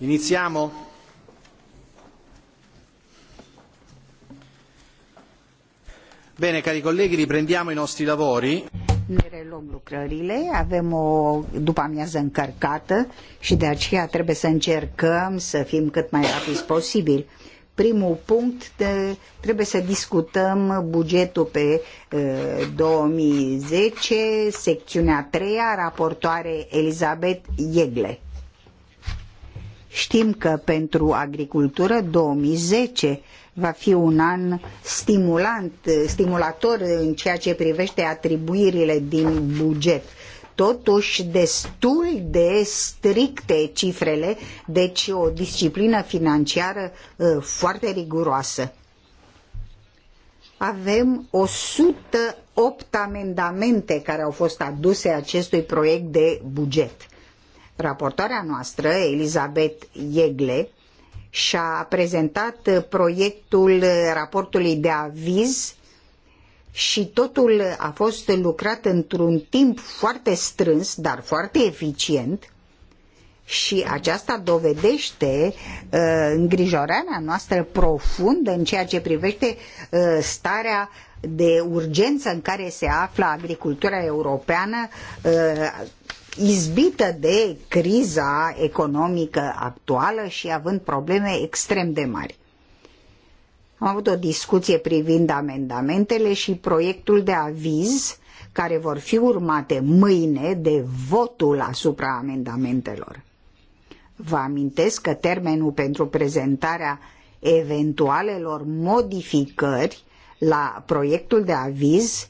Iniziamo? Bine, cari colleghi, riprendiamo i nostri lavori. Ne reluăm lucrările, avem o după amiază încărcată și de aceea trebuie să încercăm să fim cât mai rapid posibil. Primul punct, de, trebuie să discutăm bugetul pe uh, 2010, secțiunea 3, raportoare Elizabeth Iegle. Știm că pentru agricultură 2010 va fi un an stimulant, stimulator în ceea ce privește atribuirile din buget totuși destul de stricte cifrele, deci o disciplină financiară ă, foarte riguroasă. Avem 108 amendamente care au fost aduse acestui proiect de buget. Raportoarea noastră, Elizabeth Iegle, și-a prezentat proiectul raportului de aviz și totul a fost lucrat într-un timp foarte strâns, dar foarte eficient și aceasta dovedește uh, îngrijorarea noastră profundă în ceea ce privește uh, starea de urgență în care se află agricultura europeană uh, izbită de criza economică actuală și având probleme extrem de mari. Am avut o discuție privind amendamentele și proiectul de aviz care vor fi urmate mâine de votul asupra amendamentelor. Vă amintesc că termenul pentru prezentarea eventualelor modificări la proiectul de aviz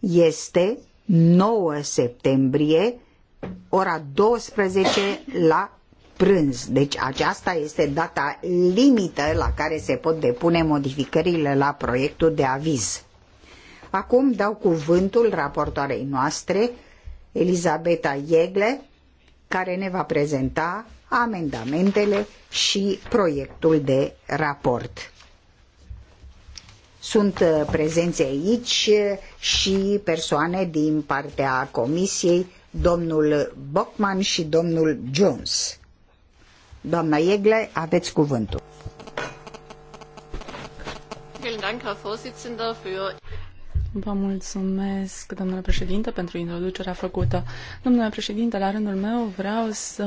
este 9 septembrie, ora 12 la prânz. Deci aceasta este data limită la care se pot depune modificările la proiectul de aviz. Acum dau cuvântul raportoarei noastre, Elisabeta Iegle, care ne va prezenta amendamentele și proiectul de raport. Sunt uh, prezenți aici uh, și persoane din partea comisiei, domnul Bockman și domnul Jones. Doamna Iegle, aveți cuvântul. Vă mulțumesc, domnule președinte, pentru introducerea făcută. Domnule președinte, la rândul meu vreau să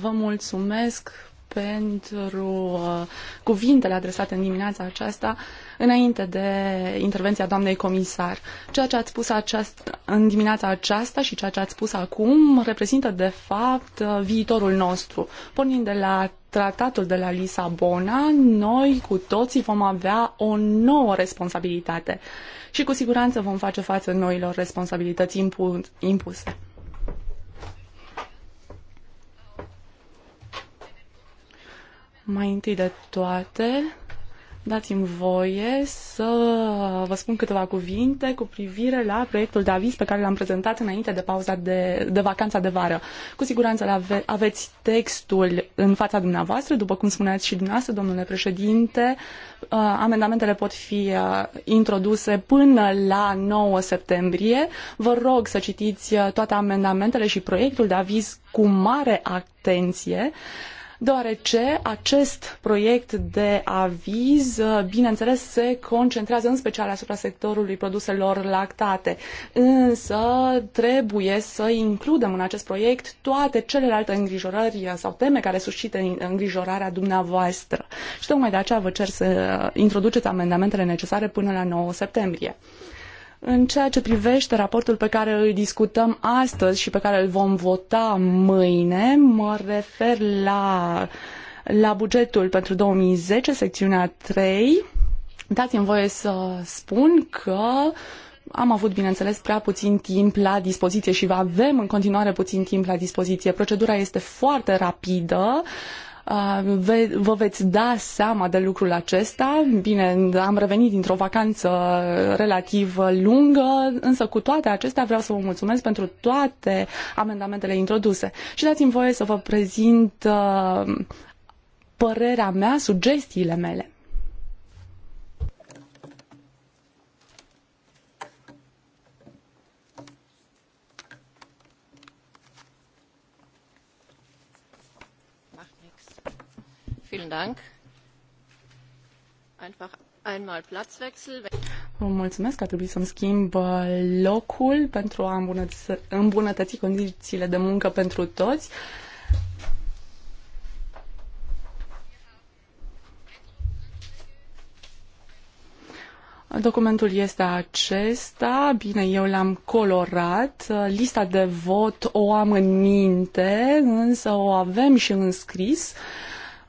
vă mulțumesc pentru uh, cuvintele adresate în dimineața aceasta uh, înainte de intervenția doamnei comisar. Ceea ce ați spus aceast- în dimineața aceasta și ceea ce ați spus acum reprezintă, de fapt, viitorul nostru. Pornind de la tratatul de la Lisabona, noi cu toții vom avea o nouă responsabilitate și cu siguranță vom face față noilor responsabilități impu- impuse. Mai întâi de toate, Dați-mi voie să vă spun câteva cuvinte cu privire la proiectul de aviz pe care l-am prezentat înainte de pauza de, de vacanța de vară. Cu siguranță ave, aveți textul în fața dumneavoastră, după cum spuneați și dumneavoastră, domnule președinte. Uh, amendamentele pot fi uh, introduse până la 9 septembrie. Vă rog să citiți uh, toate amendamentele și proiectul de aviz cu mare atenție deoarece acest proiect de aviz, uh, bineînțeles, se concentrează în special asupra sectorului produselor lactate, însă trebuie să includem în acest proiect toate celelalte îngrijorări uh, sau teme care suscită îngrijorarea dumneavoastră. Și tocmai de aceea vă cer să uh, introduceți amendamentele necesare până la 9 septembrie. În ceea ce privește raportul pe care îl discutăm astăzi și pe care îl vom vota mâine, mă refer la, la bugetul pentru 2010, secțiunea 3. Dați-mi voie să spun că am avut, bineînțeles, prea puțin timp la dispoziție și avem în continuare puțin timp la dispoziție. Procedura este foarte rapidă. Uh, vă veți da seama de lucrul acesta. Bine, am revenit dintr-o vacanță relativ lungă, însă cu toate acestea vreau să vă mulțumesc pentru toate amendamentele introduse. Și dați-mi voie să vă prezint părerea mea, sugestiile mele. mulțumesc, a trebuit să-mi schimb uh, locul pentru a îmbunătăți, îmbunătăți condițiile de muncă pentru toți. Documentul este acesta, bine, eu l-am colorat, lista de vot o am în minte, însă o avem și înscris. scris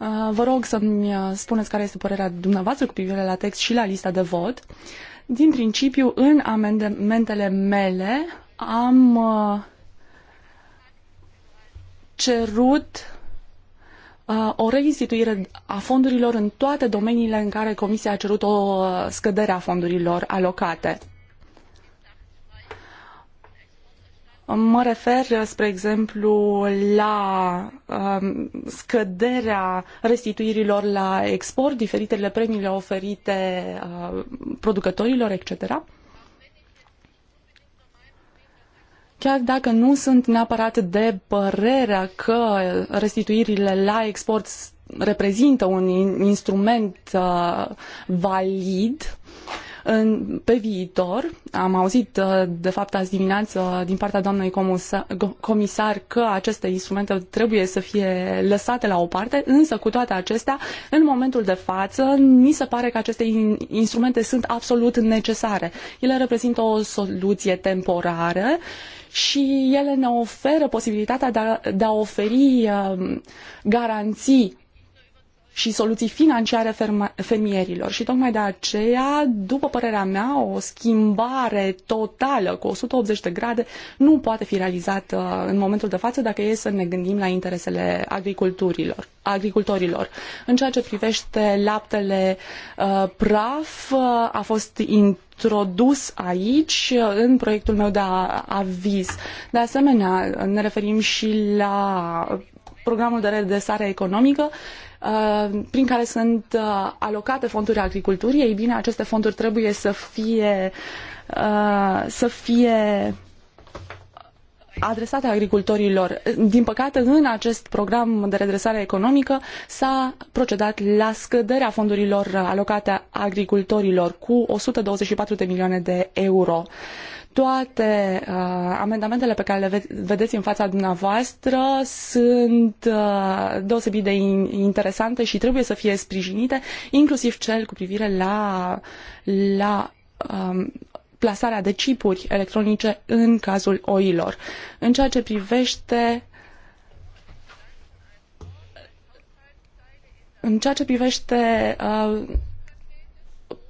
Uh, vă rog să-mi uh, spuneți care este părerea dumneavoastră cu privire la text și la lista de vot. Din principiu, în amendamentele mele am uh, cerut o reinstituire a fondurilor în toate domeniile în care Comisia a cerut o scădere a fondurilor alocate. Mă refer, spre exemplu, la um, scăderea restituirilor la export, diferitele premiile oferite uh, producătorilor, etc. Chiar dacă nu sunt neapărat de părerea că restituirile la export reprezintă un instrument uh, valid, în, pe viitor. Am auzit, uh, de fapt, azi dimineață uh, din partea doamnei comisar că aceste instrumente trebuie să fie lăsate la o parte, însă cu toate acestea, în momentul de față, mi se pare că aceste instrumente sunt absolut necesare. Ele reprezintă o soluție temporară și ele ne oferă posibilitatea de a, de a oferi uh, garanții și soluții financiare fermierilor. Și tocmai de aceea, după părerea mea, o schimbare totală cu 180 de grade nu poate fi realizată în momentul de față dacă e să ne gândim la interesele agriculturilor, agricultorilor. În ceea ce privește laptele uh, praf, uh, a fost introdus aici uh, în proiectul meu de aviz. De asemenea, ne referim și la programul de redresare economică Uh, prin care sunt uh, alocate fonduri agriculturii, ei bine, aceste fonduri trebuie să fie uh, să fie adresate agricultorilor. Din păcate, în acest program de redresare economică s-a procedat la scăderea fondurilor alocate agricultorilor cu 124 de milioane de euro. Toate uh, amendamentele pe care le vedeți în fața dumneavoastră sunt uh, deosebit de interesante și trebuie să fie sprijinite, inclusiv cel cu privire la, la um, plasarea de chipuri electronice în cazul oilor. În ceea ce privește în ceea ce privește uh,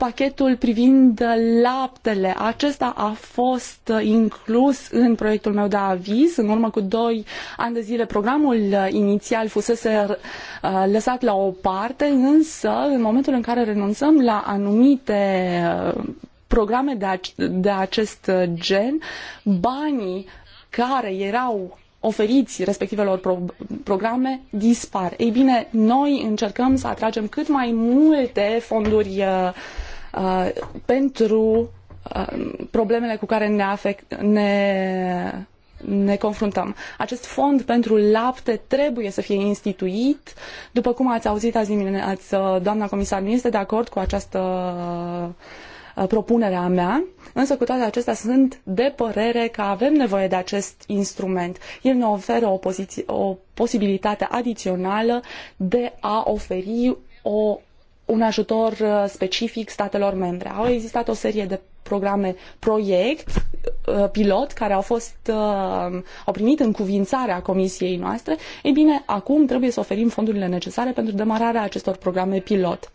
pachetul privind laptele. Acesta a fost inclus în proiectul meu de aviz. În urmă cu doi ani de zile, programul inițial fusese uh, lăsat la o parte, însă în momentul în care renunțăm la anumite uh, programe de, ac- de acest gen, banii care erau oferiți respectivelor pro programe dispar. Ei bine, noi încercăm să atragem cât mai multe fonduri uh, Uh, pentru uh, problemele cu care ne, afect, ne, ne confruntăm. Acest fond pentru lapte trebuie să fie instituit. După cum ați auzit azi dimineață, uh, doamna comisar nu este de acord cu această uh, propunerea mea, însă cu toate acestea sunt de părere că avem nevoie de acest instrument. El ne oferă o, poziție, o posibilitate adițională de a oferi o un ajutor uh, specific statelor membre. Au existat o serie de programe proiect, uh, pilot, care au fost, uh, au primit cuvințarea comisiei noastre. Ei bine, acum trebuie să oferim fondurile necesare pentru demararea acestor programe pilot.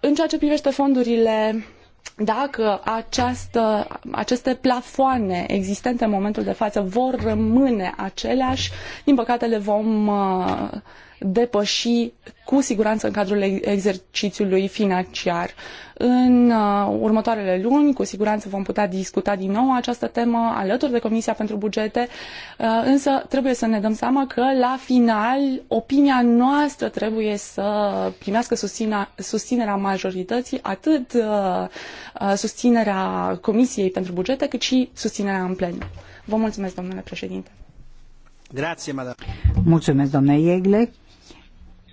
În ceea ce privește fondurile dacă această, aceste plafoane existente în momentul de față vor rămâne aceleași, din păcate le vom uh, depăși cu siguranță în cadrul exercițiului financiar. În uh, următoarele luni, cu siguranță vom putea discuta din nou această temă alături de Comisia pentru Bugete, uh, însă trebuie să ne dăm seama că la final opinia noastră trebuie să primească susținerea majorității, atât uh, susținerea Comisiei pentru Bugete, cât și susținerea în plen. Vă mulțumesc, domnule președinte. Grazie, Mulțumesc, domnule Iegle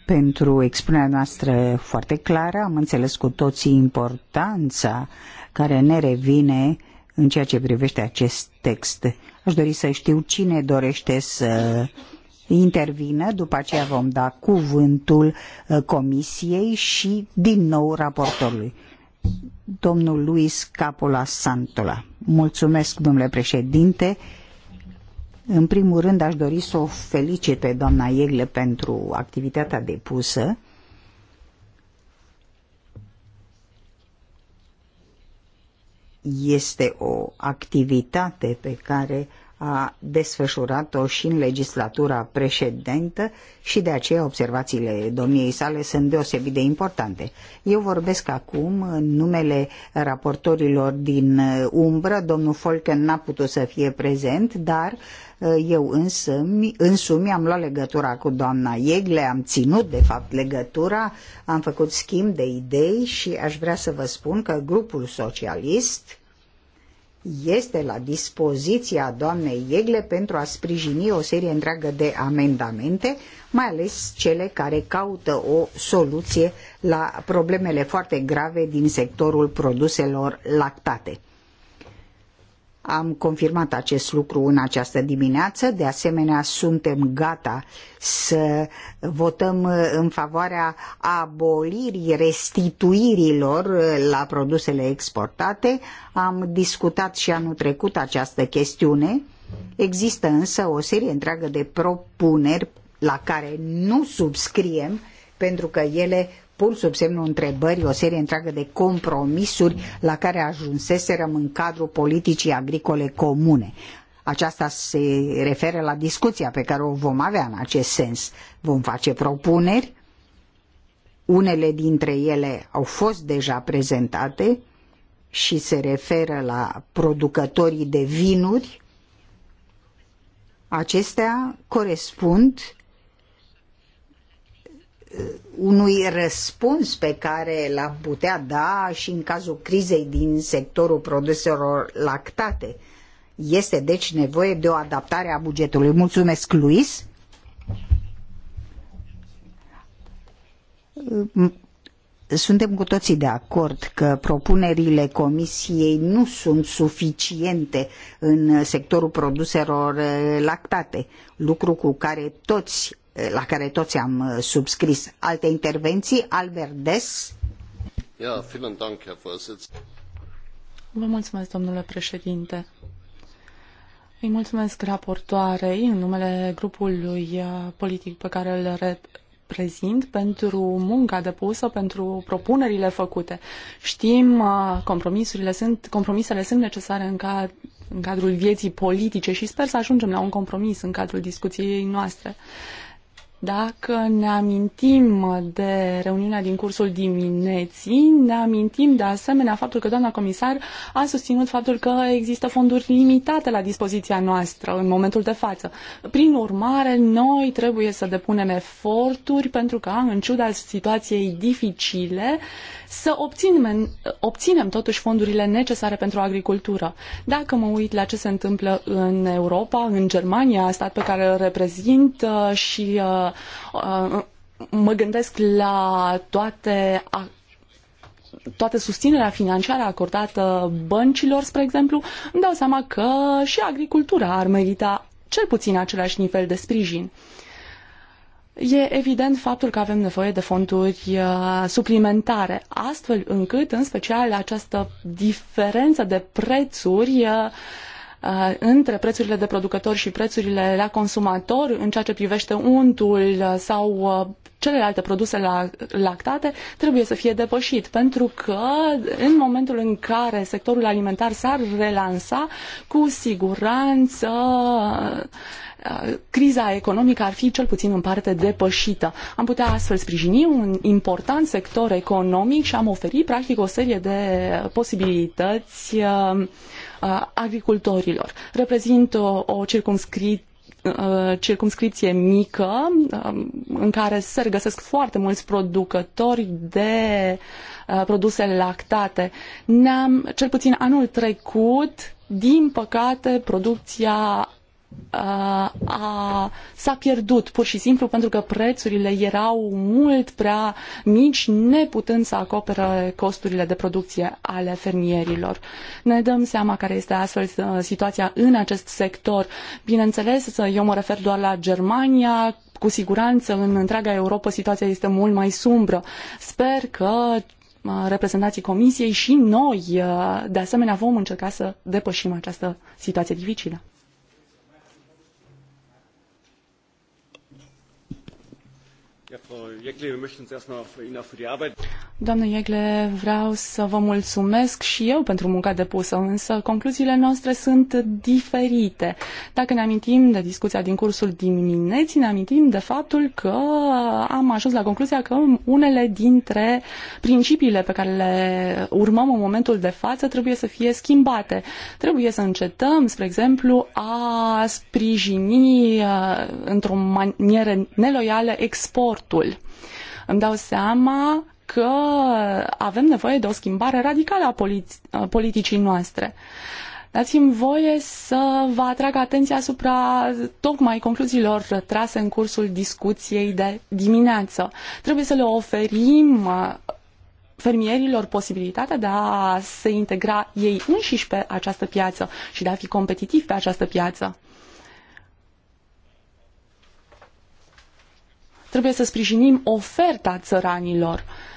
pentru expunerea noastră foarte clară. Am înțeles cu toții importanța care ne revine în ceea ce privește acest text. Aș dori să știu cine dorește să intervină, după aceea vom da cuvântul uh, comisiei și din nou raportorului. Domnul Luis Capola Santola. Mulțumesc, domnule președinte. În primul rând aș dori să o felicit pe doamna Iegle pentru activitatea depusă. Este o activitate pe care a desfășurat-o și în legislatura precedentă și de aceea observațiile domniei sale sunt deosebit de importante. Eu vorbesc acum în numele raportorilor din uh, umbră. Domnul Folken n-a putut să fie prezent, dar uh, eu însumi, însumi am luat legătura cu doamna Iegle, am ținut de fapt legătura, am făcut schimb de idei și aș vrea să vă spun că grupul socialist este la dispoziția doamnei Iegle pentru a sprijini o serie întreagă de amendamente, mai ales cele care caută o soluție la problemele foarte grave din sectorul produselor lactate. Am confirmat acest lucru în această dimineață. De asemenea, suntem gata să votăm în favoarea abolirii restituirilor la produsele exportate. Am discutat și anul trecut această chestiune. Există însă o serie întreagă de propuneri la care nu subscriem pentru că ele pun sub semnul întrebării o serie întreagă de compromisuri la care ajunseserăm în cadrul politicii agricole comune. Aceasta se referă la discuția pe care o vom avea în acest sens. Vom face propuneri, unele dintre ele au fost deja prezentate și se referă la producătorii de vinuri. Acestea corespund unui răspuns pe care l a putea da și în cazul crizei din sectorul produselor lactate. Este deci nevoie de o adaptare a bugetului. Mulțumesc, Luis. Suntem cu toții de acord că propunerile Comisiei nu sunt suficiente în sectorul produselor lactate, lucru cu care toți Eh, la care toți am eh, subscris. Alte intervenții? Albert Des? Vă mulțumesc, domnule președinte. Îi mulțumesc raportoarei în numele grupului eh, politic pe care îl reprezint pentru munca depusă, pentru propunerile făcute. Știm, compromisurile sunt, compromisele sunt necesare în, ca, în cadrul vieții politice și sper să ajungem la un compromis în cadrul discuției noastre. Dacă ne amintim de reuniunea din cursul dimineții, ne amintim de asemenea faptul că doamna comisar a susținut faptul că există fonduri limitate la dispoziția noastră în momentul de față. Prin urmare, noi trebuie să depunem eforturi pentru ca, în ciuda situației dificile, să obținem, obținem totuși fondurile necesare pentru agricultură. Dacă mă uit la ce se întâmplă în Europa, în Germania, stat pe care îl reprezint uh, și uh, uh, mă gândesc la toate toată susținerea financiară acordată băncilor, spre exemplu, îmi dau seama că și agricultura ar merita cel puțin același nivel de sprijin. Uh, E evident faptul că avem nevoie de fonduri uh, suplimentare, astfel încât, în special, această diferență de prețuri uh, uh, între prețurile de producători și prețurile la consumator în ceea ce privește untul sau celelalte produse lactate trebuie să fie depășit, pentru că în momentul în care sectorul alimentar s-ar relansa, cu siguranță Uh, criza economică ar fi cel puțin în parte depășită. Am putea astfel sprijini un important sector economic și am oferit practic o serie de posibilități uh, uh, agricultorilor. Reprezint o, o circumscrit circumscripție mică în care se regăsesc foarte mulți producători de produse lactate. Ne-am, cel puțin anul trecut, din păcate, producția Uh, a, s-a pierdut pur și simplu pentru că prețurile erau mult prea mici, neputând să acopere costurile de producție ale fermierilor. Ne dăm seama care este astfel uh, situația în acest sector. Bineînțeles, eu mă refer doar la Germania, cu siguranță în întreaga Europa situația este mult mai sumbră. Sper că uh, reprezentanții Comisiei și noi, de asemenea, vom încerca să depășim această situație dificilă. Ja, Frau Jeckle, wir möchten uns erstmal für Ihnen auch für die Arbeit. Doamnă Iegle, vreau să vă mulțumesc și eu pentru munca depusă, însă concluziile noastre sunt diferite. Dacă ne amintim de discuția din cursul dimineții, ne amintim de faptul că am ajuns la concluzia că unele dintre principiile pe care le urmăm în momentul de față trebuie să fie schimbate. Trebuie să încetăm, spre exemplu, a sprijini uh, într-o manieră neloială exportul. Îmi dau seama că avem nevoie de o schimbare radicală a politicii noastre. Dați-mi voie să vă atrag atenția asupra tocmai concluziilor trase în cursul discuției de dimineață. Trebuie să le oferim uh, fermierilor posibilitatea de a se integra ei înșiși pe această piață și de a fi competitivi pe această piață. Trebuie să sprijinim oferta țăranilor. Uh,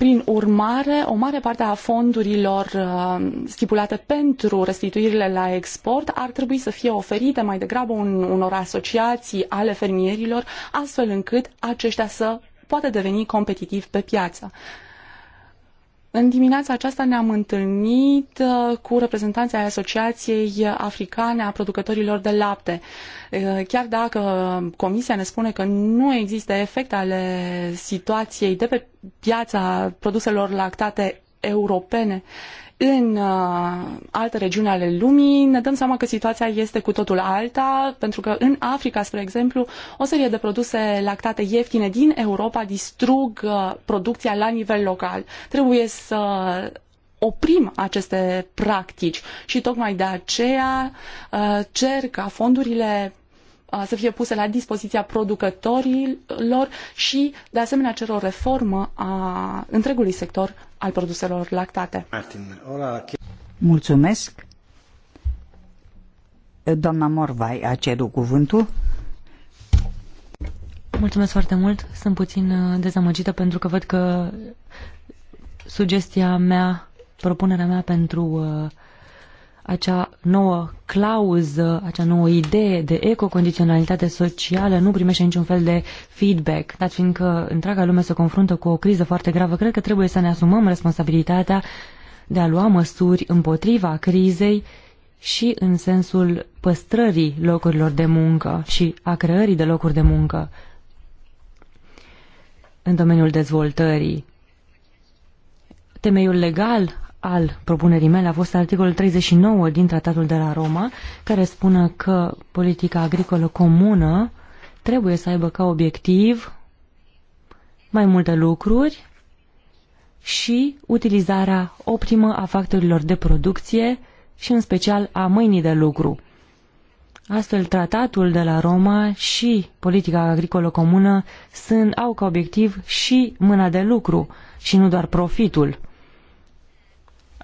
prin urmare, o mare parte a fondurilor uh, stipulate pentru restituirile la export ar trebui să fie oferite mai degrabă un, unor asociații ale fermierilor, astfel încât aceștia să poată deveni competitivi pe piață. În dimineața aceasta ne-am întâlnit uh, cu reprezentanții ai Asociației Africane a Producătorilor de Lapte. Uh, chiar dacă Comisia ne spune că nu există efecte ale situației de pe piața produselor lactate europene, în uh, alte regiuni ale lumii, ne dăm seama că situația este cu totul alta, pentru că în Africa, spre exemplu, o serie de produse lactate ieftine din Europa distrug uh, producția la nivel local. Trebuie să oprim aceste practici și tocmai de aceea uh, cer ca fondurile să fie puse la dispoziția producătorilor și, de asemenea, cer o reformă a întregului sector al produselor lactate. Mulțumesc. Doamna Morvai a cerut cuvântul. Mulțumesc foarte mult. Sunt puțin uh, dezamăgită pentru că văd că sugestia mea, propunerea mea pentru uh, acea nouă clauză, acea nouă idee de ecocondiționalitate socială nu primește niciun fel de feedback. Dar fiindcă întreaga lume se confruntă cu o criză foarte gravă, cred că trebuie să ne asumăm responsabilitatea de a lua măsuri împotriva crizei și în sensul păstrării locurilor de muncă și a creării de locuri de muncă în domeniul dezvoltării. Temeiul legal al propunerii mele a fost articolul 39 din Tratatul de la Roma, care spune că politica agricolă comună trebuie să aibă ca obiectiv mai multe lucruri și utilizarea optimă a factorilor de producție și în special a mâinii de lucru. Astfel, tratatul de la Roma și politica agricolă comună sunt, au ca obiectiv și mâna de lucru și nu doar profitul.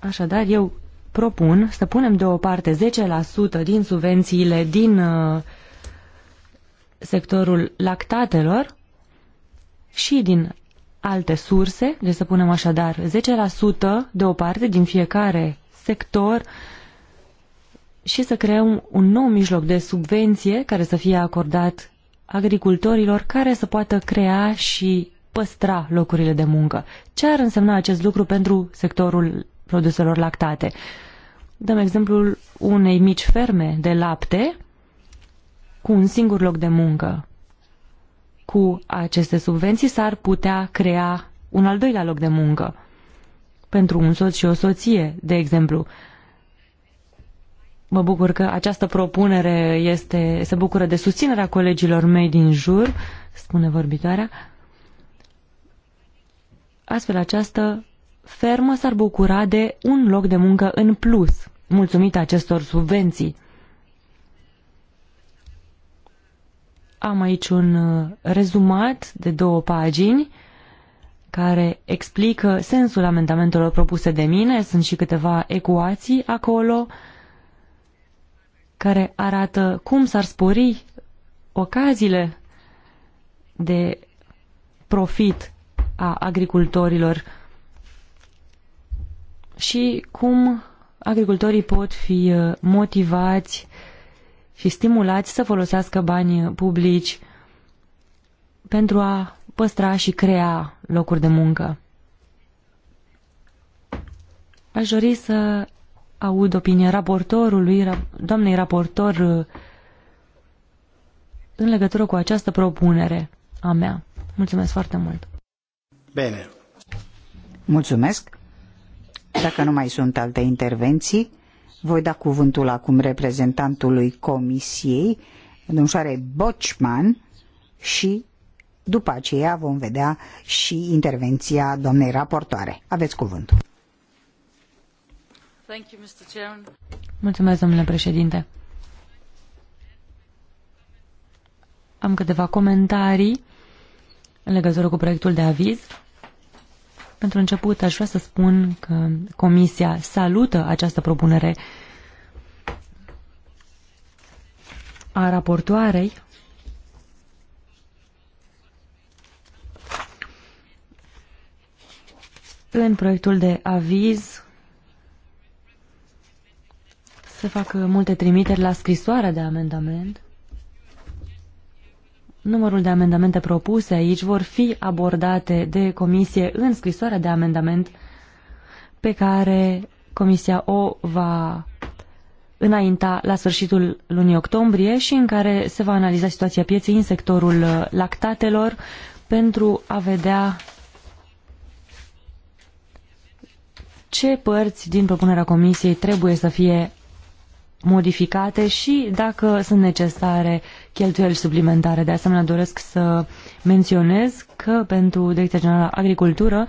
Așadar, eu propun să punem deoparte 10% din subvențiile din uh, sectorul lactatelor și din alte surse, deci să punem așadar 10% deoparte din fiecare sector și să creăm un nou mijloc de subvenție care să fie acordat agricultorilor care să poată crea și păstra locurile de muncă. Ce ar însemna acest lucru pentru sectorul produselor lactate. Dăm exemplul unei mici ferme de lapte cu un singur loc de muncă. Cu aceste subvenții s-ar putea crea un al doilea loc de muncă pentru un soț și o soție, de exemplu. Mă bucur că această propunere este, se bucură de susținerea colegilor mei din jur, spune vorbitoarea. Astfel, această fermă s-ar bucura de un loc de muncă în plus, mulțumită acestor subvenții. Am aici un uh, rezumat de două pagini care explică sensul amendamentelor propuse de mine. Sunt și câteva ecuații acolo care arată cum s-ar spori ocaziile de profit a agricultorilor și cum agricultorii pot fi uh, motivați și stimulați să folosească bani publici pentru a păstra și crea locuri de muncă. Aș dori să aud opinia raportorului, doamnei raportor, uh, în legătură cu această propunere a mea. Mulțumesc foarte mult! Bine! Mulțumesc! Dacă nu mai sunt alte intervenții, voi da cuvântul acum reprezentantului Comisiei, domnșoare Bocman, și după aceea vom vedea și intervenția doamnei raportoare. Aveți cuvântul. Mulțumesc, domnule președinte. Am câteva comentarii în legătură cu proiectul de aviz. Pentru început, aș vrea să spun că Comisia salută această propunere a raportoarei în proiectul de aviz se fac multe trimiteri la scrisoarea de amendament Numărul de amendamente propuse aici vor fi abordate de comisie în scrisoarea de amendament pe care comisia o va înainta la sfârșitul lunii octombrie și în care se va analiza situația pieței în sectorul uh, lactatelor pentru a vedea ce părți din propunerea comisiei trebuie să fie modificate și, dacă sunt necesare, cheltuieli suplimentare. De asemenea, doresc să menționez că pentru Direcția Generală Agricultură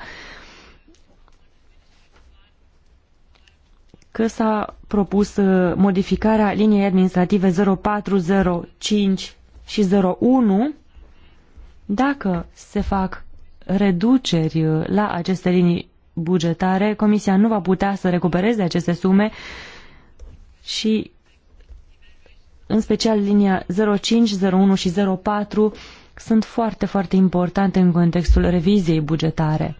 că s-a propus uh, modificarea liniei administrative 0405 și 01 dacă se fac reduceri uh, la aceste linii bugetare, Comisia nu va putea să recupereze aceste sume uh, și în special linia 05, 01 și 04 sunt foarte, foarte importante în contextul reviziei bugetare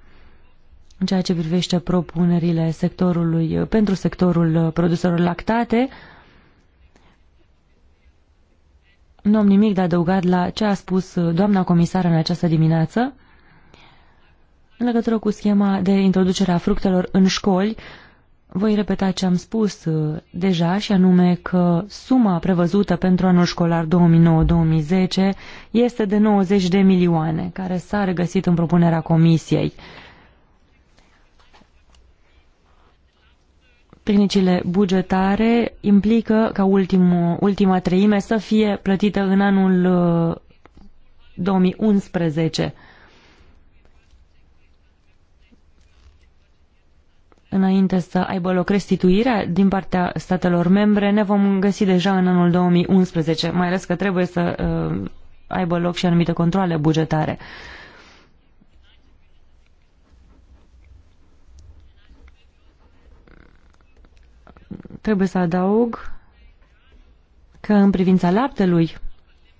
în ceea ce privește propunerile sectorului, pentru sectorul produselor lactate. Nu am nimic de adăugat la ce a spus doamna comisară în această dimineață. În legătură cu schema de introducere a fructelor în școli, voi repeta ce am spus uh, deja și anume că suma prevăzută pentru anul școlar 2009-2010 este de 90 de milioane, care s-a regăsit în propunerea comisiei. Tehnicile bugetare implică ca ultim, ultima treime să fie plătită în anul 2011. Uh, înainte să aibă loc restituirea din partea statelor membre, ne vom găsi deja în anul 2011, mai ales că trebuie să uh, aibă loc și anumite controle bugetare. Trebuie să adaug că în privința laptelui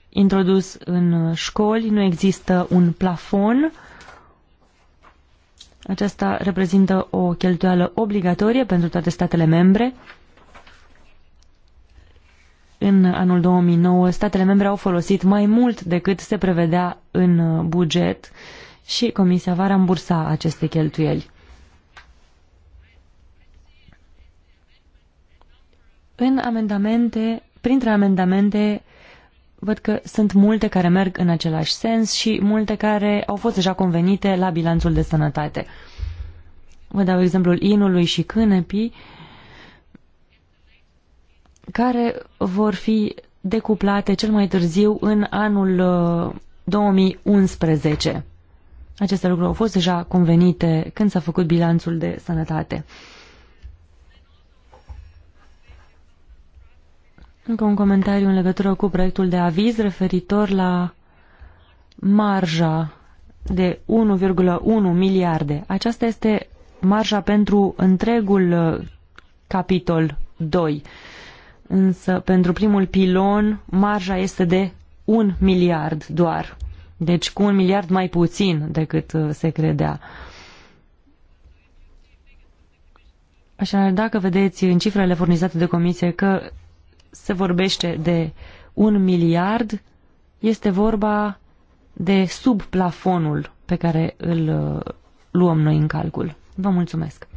introdus în școli nu există un plafon uh, aceasta reprezintă o cheltuială obligatorie pentru toate statele membre. În anul 2009, statele membre au folosit mai mult decât se prevedea în uh, buget și Comisia va rambursa aceste cheltuieli. În amendamente, printre amendamente văd că sunt multe care merg în același sens și multe care au fost deja convenite la bilanțul de sănătate. Vă dau exemplul inului și cânepii, care vor fi decuplate cel mai târziu în anul 2011. Uh, Aceste lucruri au fost deja convenite când s-a făcut bilanțul de sănătate. Încă un comentariu în legătură cu proiectul de aviz referitor la marja de 1,1 miliarde. Aceasta este marja pentru întregul uh, capitol 2. Însă pentru primul pilon marja este de 1 miliard doar. Deci cu un miliard mai puțin decât uh, se credea. Așa, dacă vedeți în cifrele furnizate de comisie că se vorbește de un miliard, este vorba de sub plafonul pe care îl uh, luăm noi în calcul. Vă mulțumesc!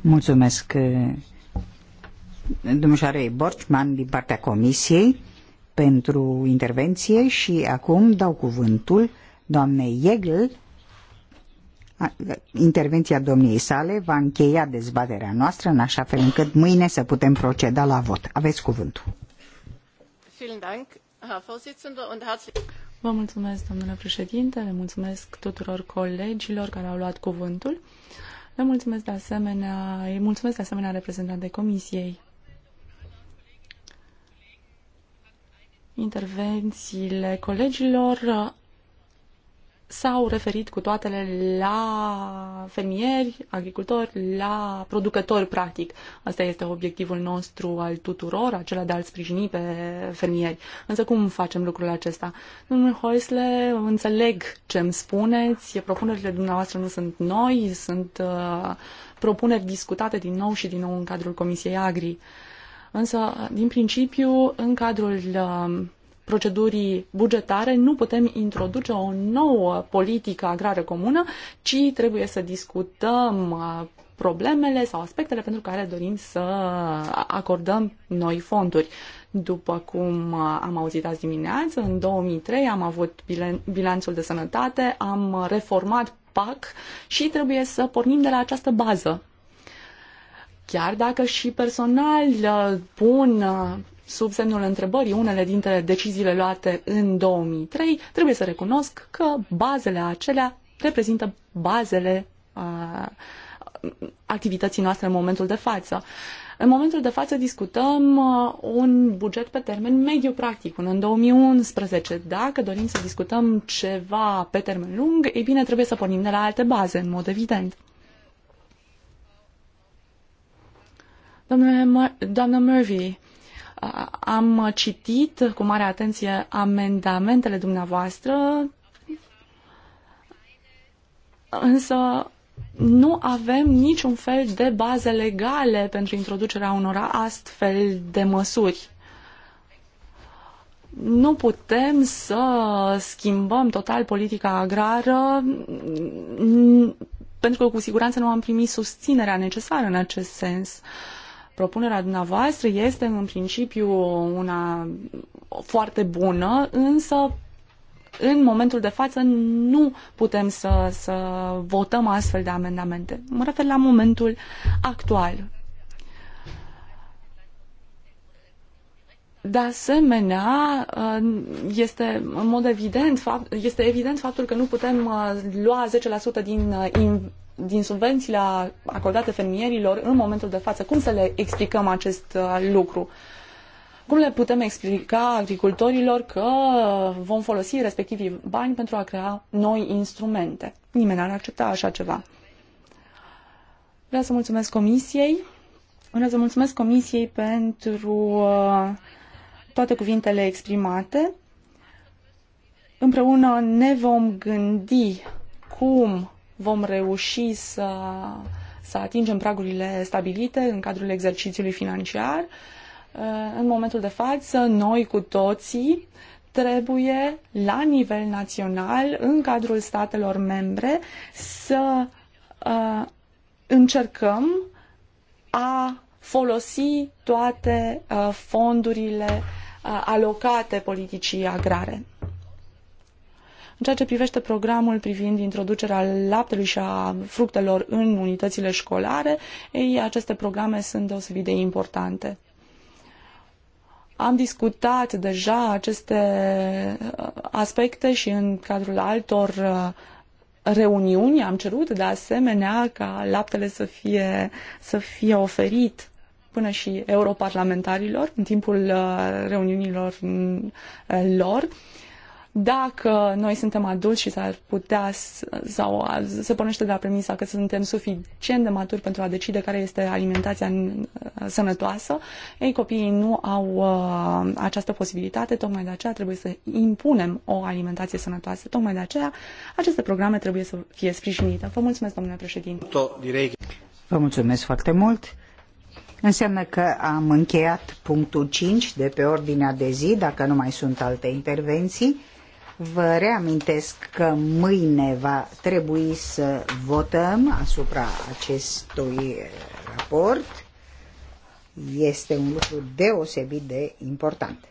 Mulțumesc, uh, domnule Borcman, din partea Comisiei, pentru intervenție și acum dau cuvântul doamnei Iegl intervenția domniei sale va încheia dezbaterea noastră în așa fel încât mâine să putem proceda la vot. Aveți cuvântul. Vă mulțumesc, domnule președinte, le mulțumesc tuturor colegilor care au luat cuvântul. Le mulțumesc de asemenea, îi mulțumesc de asemenea reprezentantei comisiei. Intervențiile colegilor s-au referit cu toatele la fermieri, agricultori, la producători, practic. Asta este obiectivul nostru al tuturor, acela de a-l sprijini pe fermieri. Însă cum facem lucrul acesta? Domnul Hoisle, înțeleg ce îmi spuneți, propunerile dumneavoastră nu sunt noi, sunt uh, propuneri discutate din nou și din nou în cadrul Comisiei Agri. Însă, din principiu, în cadrul uh, procedurii bugetare nu putem introduce o nouă politică agrară comună, ci trebuie să discutăm uh, problemele sau aspectele pentru care dorim să acordăm noi fonduri. După cum uh, am auzit azi dimineață, în 2003 am avut bilanțul de sănătate, am reformat PAC și trebuie să pornim de la această bază. Chiar dacă și personal uh, pun sub semnul întrebării unele dintre deciziile luate în 2003, trebuie să recunosc că bazele acelea reprezintă bazele uh, activității noastre în momentul de față. În momentul de față discutăm un buget pe termen mediu, practic, până în 2011. Dacă dorim să discutăm ceva pe termen lung, ei bine, trebuie să pornim de la alte baze, în mod evident. Domnule Murphy, am citit cu mare atenție amendamentele dumneavoastră, însă nu avem niciun fel de baze legale pentru introducerea unor astfel de măsuri. Nu putem să schimbăm total politica agrară pentru că cu siguranță nu am primit susținerea necesară în acest sens. Uh, Propunerea dumneavoastră este în principiu una foarte bună, însă în momentul de față nu putem să, să votăm astfel de amendamente. Mă refer la momentul actual. De asemenea, este în mod evident, este evident faptul că nu putem uh, lua 10% din uh, din subvențiile acordate fermierilor în momentul de față. Cum să le explicăm acest uh, lucru? Cum le putem explica agricultorilor că vom folosi respectivii bani pentru a crea noi instrumente? Nimeni n-ar accepta așa ceva. Vreau să mulțumesc comisiei. Vreau să mulțumesc comisiei pentru uh, toate cuvintele exprimate. Împreună ne vom gândi cum vom reuși să, să atingem pragurile stabilite în cadrul exercițiului financiar. Uh, în momentul de față, noi cu toții trebuie, la nivel național, în cadrul statelor membre, să uh, încercăm a folosi toate uh, fondurile alocate politicii agrare. În ceea ce privește programul privind introducerea laptelui și a fructelor în unitățile școlare, ei, aceste programe sunt deosebit de importante. Am discutat deja aceste uh, aspecte și în cadrul altor uh, reuniuni am cerut de asemenea ca laptele să fie, să fie oferit până și europarlamentarilor în timpul uh, reuniunilor mm, lor. Dacă noi suntem adulți și s-ar putea sau se pornește de la premisa că suntem suficient de maturi pentru a decide care este alimentația uh, sănătoasă, ei copiii nu au uh, această posibilitate, tocmai de aceea trebuie să impunem o alimentație sănătoasă. Tocmai de aceea aceste programe trebuie să fie sprijinite. Vă mulțumesc, domnule președinte. Vă mulțumesc foarte mult. Înseamnă că am încheiat punctul 5 de pe ordinea de zi, dacă nu mai sunt alte intervenții. Vă reamintesc că mâine va trebui să votăm asupra acestui raport. Este un lucru deosebit de important.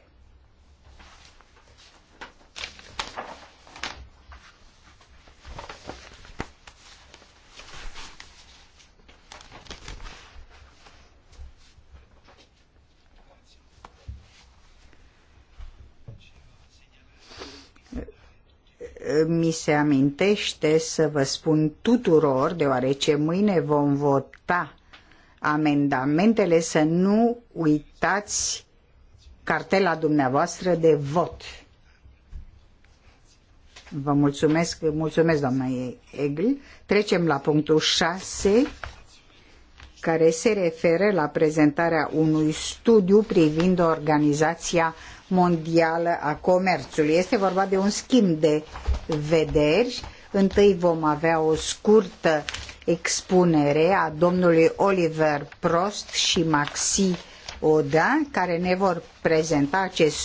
mi se amintește să vă spun tuturor, deoarece mâine vom vota amendamentele, să nu uitați cartela dumneavoastră de vot. Vă mulțumesc, mulțumesc doamna Egl. Trecem la punctul 6, care se referă la prezentarea unui studiu privind organizația mondială a comerțului. Este vorba de un schimb de vederi. Întâi vom avea o scurtă expunere a domnului Oliver Prost și Maxi Oda, care ne vor prezenta acest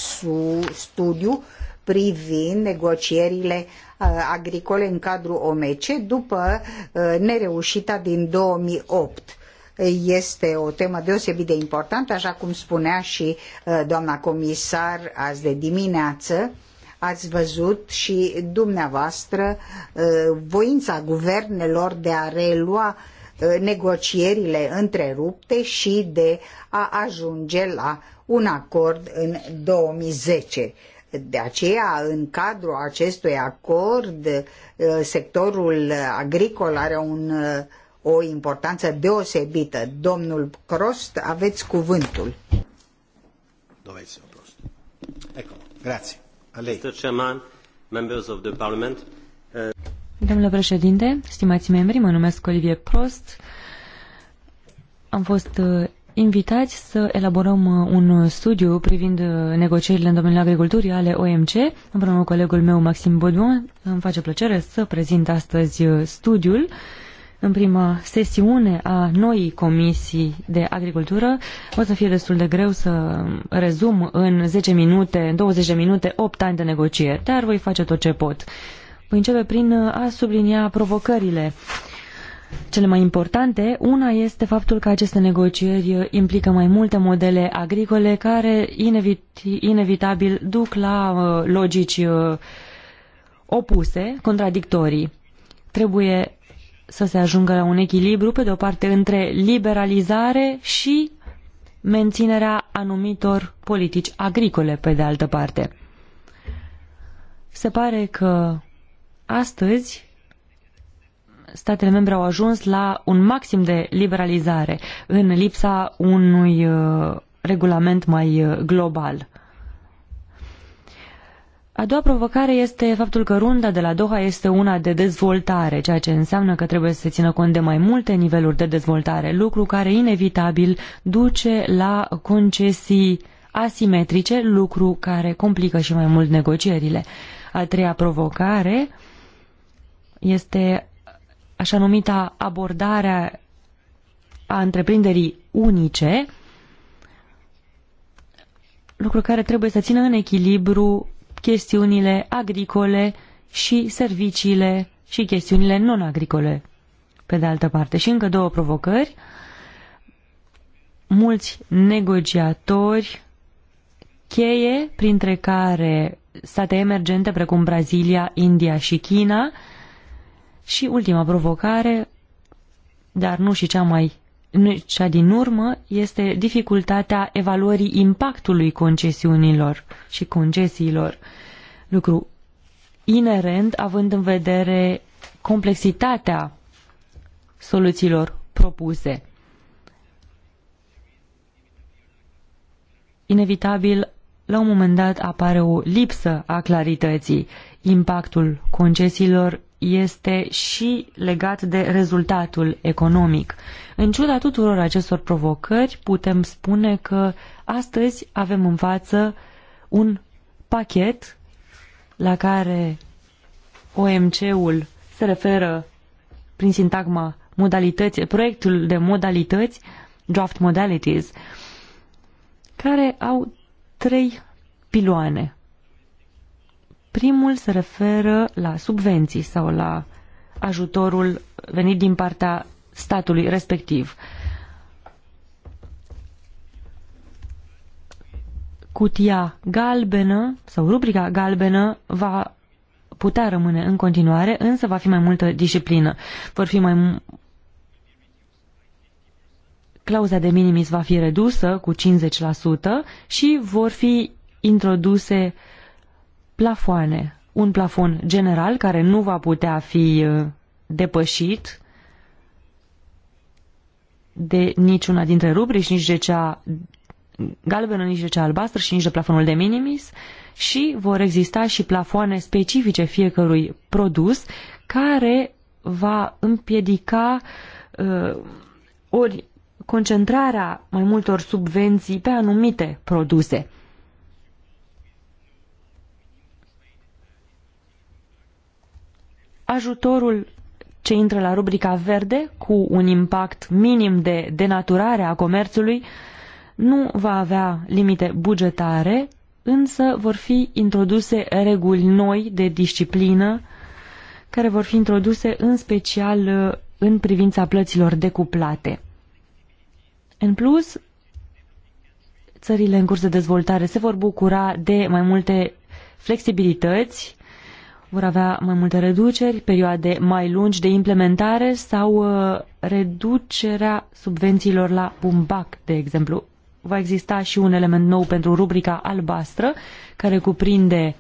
studiu privind negocierile uh, agricole în cadrul OMC după uh, nereușita din 2008 este o temă deosebit de importantă, așa cum spunea și uh, doamna comisar azi de dimineață. Ați văzut și dumneavoastră uh, voința guvernelor de a relua uh, negocierile întrerupte și de a ajunge la un acord în 2010. De aceea, în cadrul acestui acord, sectorul agricol are un o importanță deosebită. Domnul Crost, aveți cuvântul. domnul Crost. Ecco, grazie. A lei. Mr. Chairman, members of the Parliament, uh, Domnule președinte, stimați membri, mă numesc Olivier Prost. Am fost uh, invitați să elaborăm uh, un studiu privind negocierile în domeniul agriculturii ale OMC. Împreună cu colegul meu, Maxim Bodouin, îmi face plăcere să prezint astăzi studiul. Uh, în prima sesiune a noii comisii de agricultură. O să fie destul de greu să rezum în 10 minute, 20 de minute, 8 ani de negocieri, dar voi face tot ce pot. Voi începe prin a sublinia provocările cele mai importante. Una este faptul că aceste negocieri implică mai multe modele agricole care inevit inevitabil duc la uh, logici uh, opuse, contradictorii. Trebuie să se ajungă la un echilibru, pe de o parte, între liberalizare și menținerea anumitor politici agricole, pe de altă parte. Se pare că astăzi statele membre au ajuns la un maxim de liberalizare în lipsa unui uh, regulament mai uh, global. A doua provocare este faptul că runda de la Doha este una de dezvoltare, ceea ce înseamnă că trebuie să se țină cont de mai multe niveluri de dezvoltare, lucru care inevitabil duce la concesii asimetrice, lucru care complică și mai mult negocierile. A treia provocare este așa numita abordarea a întreprinderii unice, lucru care trebuie să țină în echilibru chestiunile agricole și serviciile și chestiunile non-agricole, pe de altă parte. Și încă două provocări. Mulți negociatori cheie, printre care state emergente precum Brazilia, India și China. Și ultima provocare, dar nu și cea mai cea din urmă este dificultatea evaluării impactului concesiunilor și concesiilor. Lucru inerent, având în vedere complexitatea soluțiilor propuse. Inevitabil, la un moment dat apare o lipsă a clarității. Impactul concesiilor este și legat de rezultatul economic. În ciuda tuturor acestor provocări, putem spune că astăzi avem în față un pachet la care OMC-ul se referă prin sintagma modalități, proiectul de modalități, draft modalities, care au trei piloane. Primul se referă la subvenții sau la ajutorul venit din partea statului respectiv. Cutia galbenă sau rubrica galbenă va putea rămâne în continuare, însă va fi mai multă disciplină. Vor fi mai clauza de minimis va fi redusă cu 50% și vor fi introduse plafoane. Un plafon general care nu va putea fi uh, depășit de niciuna dintre rubrici, nici de cea galbenă, nici de cea albastră și nici de plafonul de minimis și vor exista și plafoane specifice fiecărui produs care va împiedica uh, ori concentrarea mai multor subvenții pe anumite produse. ajutorul ce intră la rubrica verde, cu un impact minim de denaturare a comerțului, nu va avea limite bugetare, însă vor fi introduse reguli noi de disciplină, care vor fi introduse în special uh, în privința plăților decuplate. În plus, țările în curs de dezvoltare se vor bucura de mai multe flexibilități vor avea mai multe reduceri, perioade mai lungi de implementare sau uh, reducerea subvențiilor la bumbac, de exemplu. Va exista și un element nou pentru rubrica albastră, care cuprinde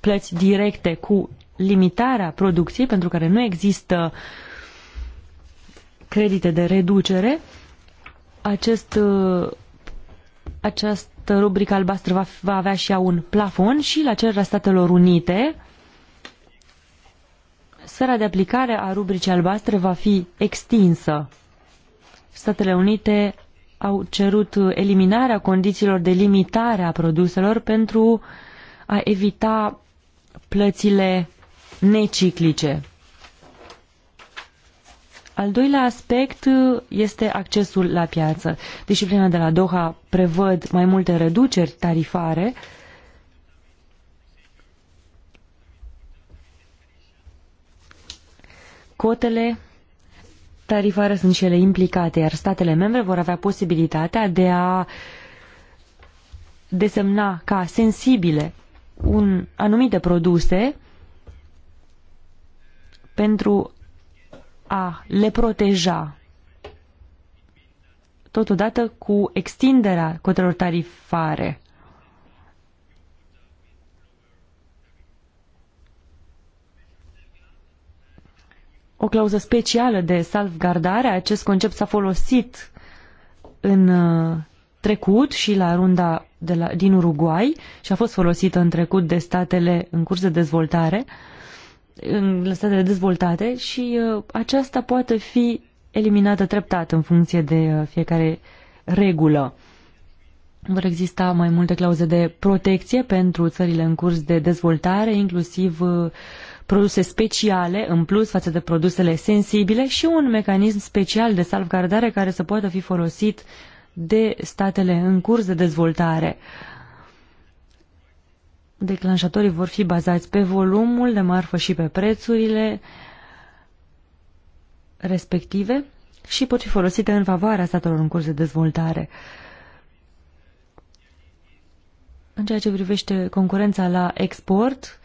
plăți directe cu limitarea producției, pentru care nu există credite de reducere. Acest, uh, această rubrică albastră va, va avea și ea un plafon și la cererea Statelor Unite, Sfera de aplicare a rubricii albastre va fi extinsă. Statele Unite au cerut eliminarea condițiilor de limitare a produselor pentru a evita plățile neciclice. Al doilea aspect este accesul la piață. Disciplina de la Doha prevăd mai multe reduceri tarifare, uh, Cotele tarifare sunt cele implicate, iar statele membre vor avea posibilitatea de a desemna ca sensibile un, anumite produse pentru a le proteja totodată cu extinderea cotelor tarifare. o clauză specială de salvgardare. Acest concept s-a folosit în uh, trecut și la runda de la, din Uruguay și a fost folosită în trecut de statele în curs de dezvoltare, în statele dezvoltate și uh, aceasta poate fi eliminată treptat în funcție de uh, fiecare regulă. Vor exista mai multe clauze de protecție pentru țările în curs de dezvoltare, inclusiv uh, produse speciale în plus față de produsele sensibile și un mecanism special de salvgardare care să poată fi folosit de statele în curs de dezvoltare. Declanșatorii vor fi bazați pe volumul de marfă și pe prețurile respective și pot fi folosite în favoarea statelor în curs de dezvoltare. În ceea ce privește concurența la export,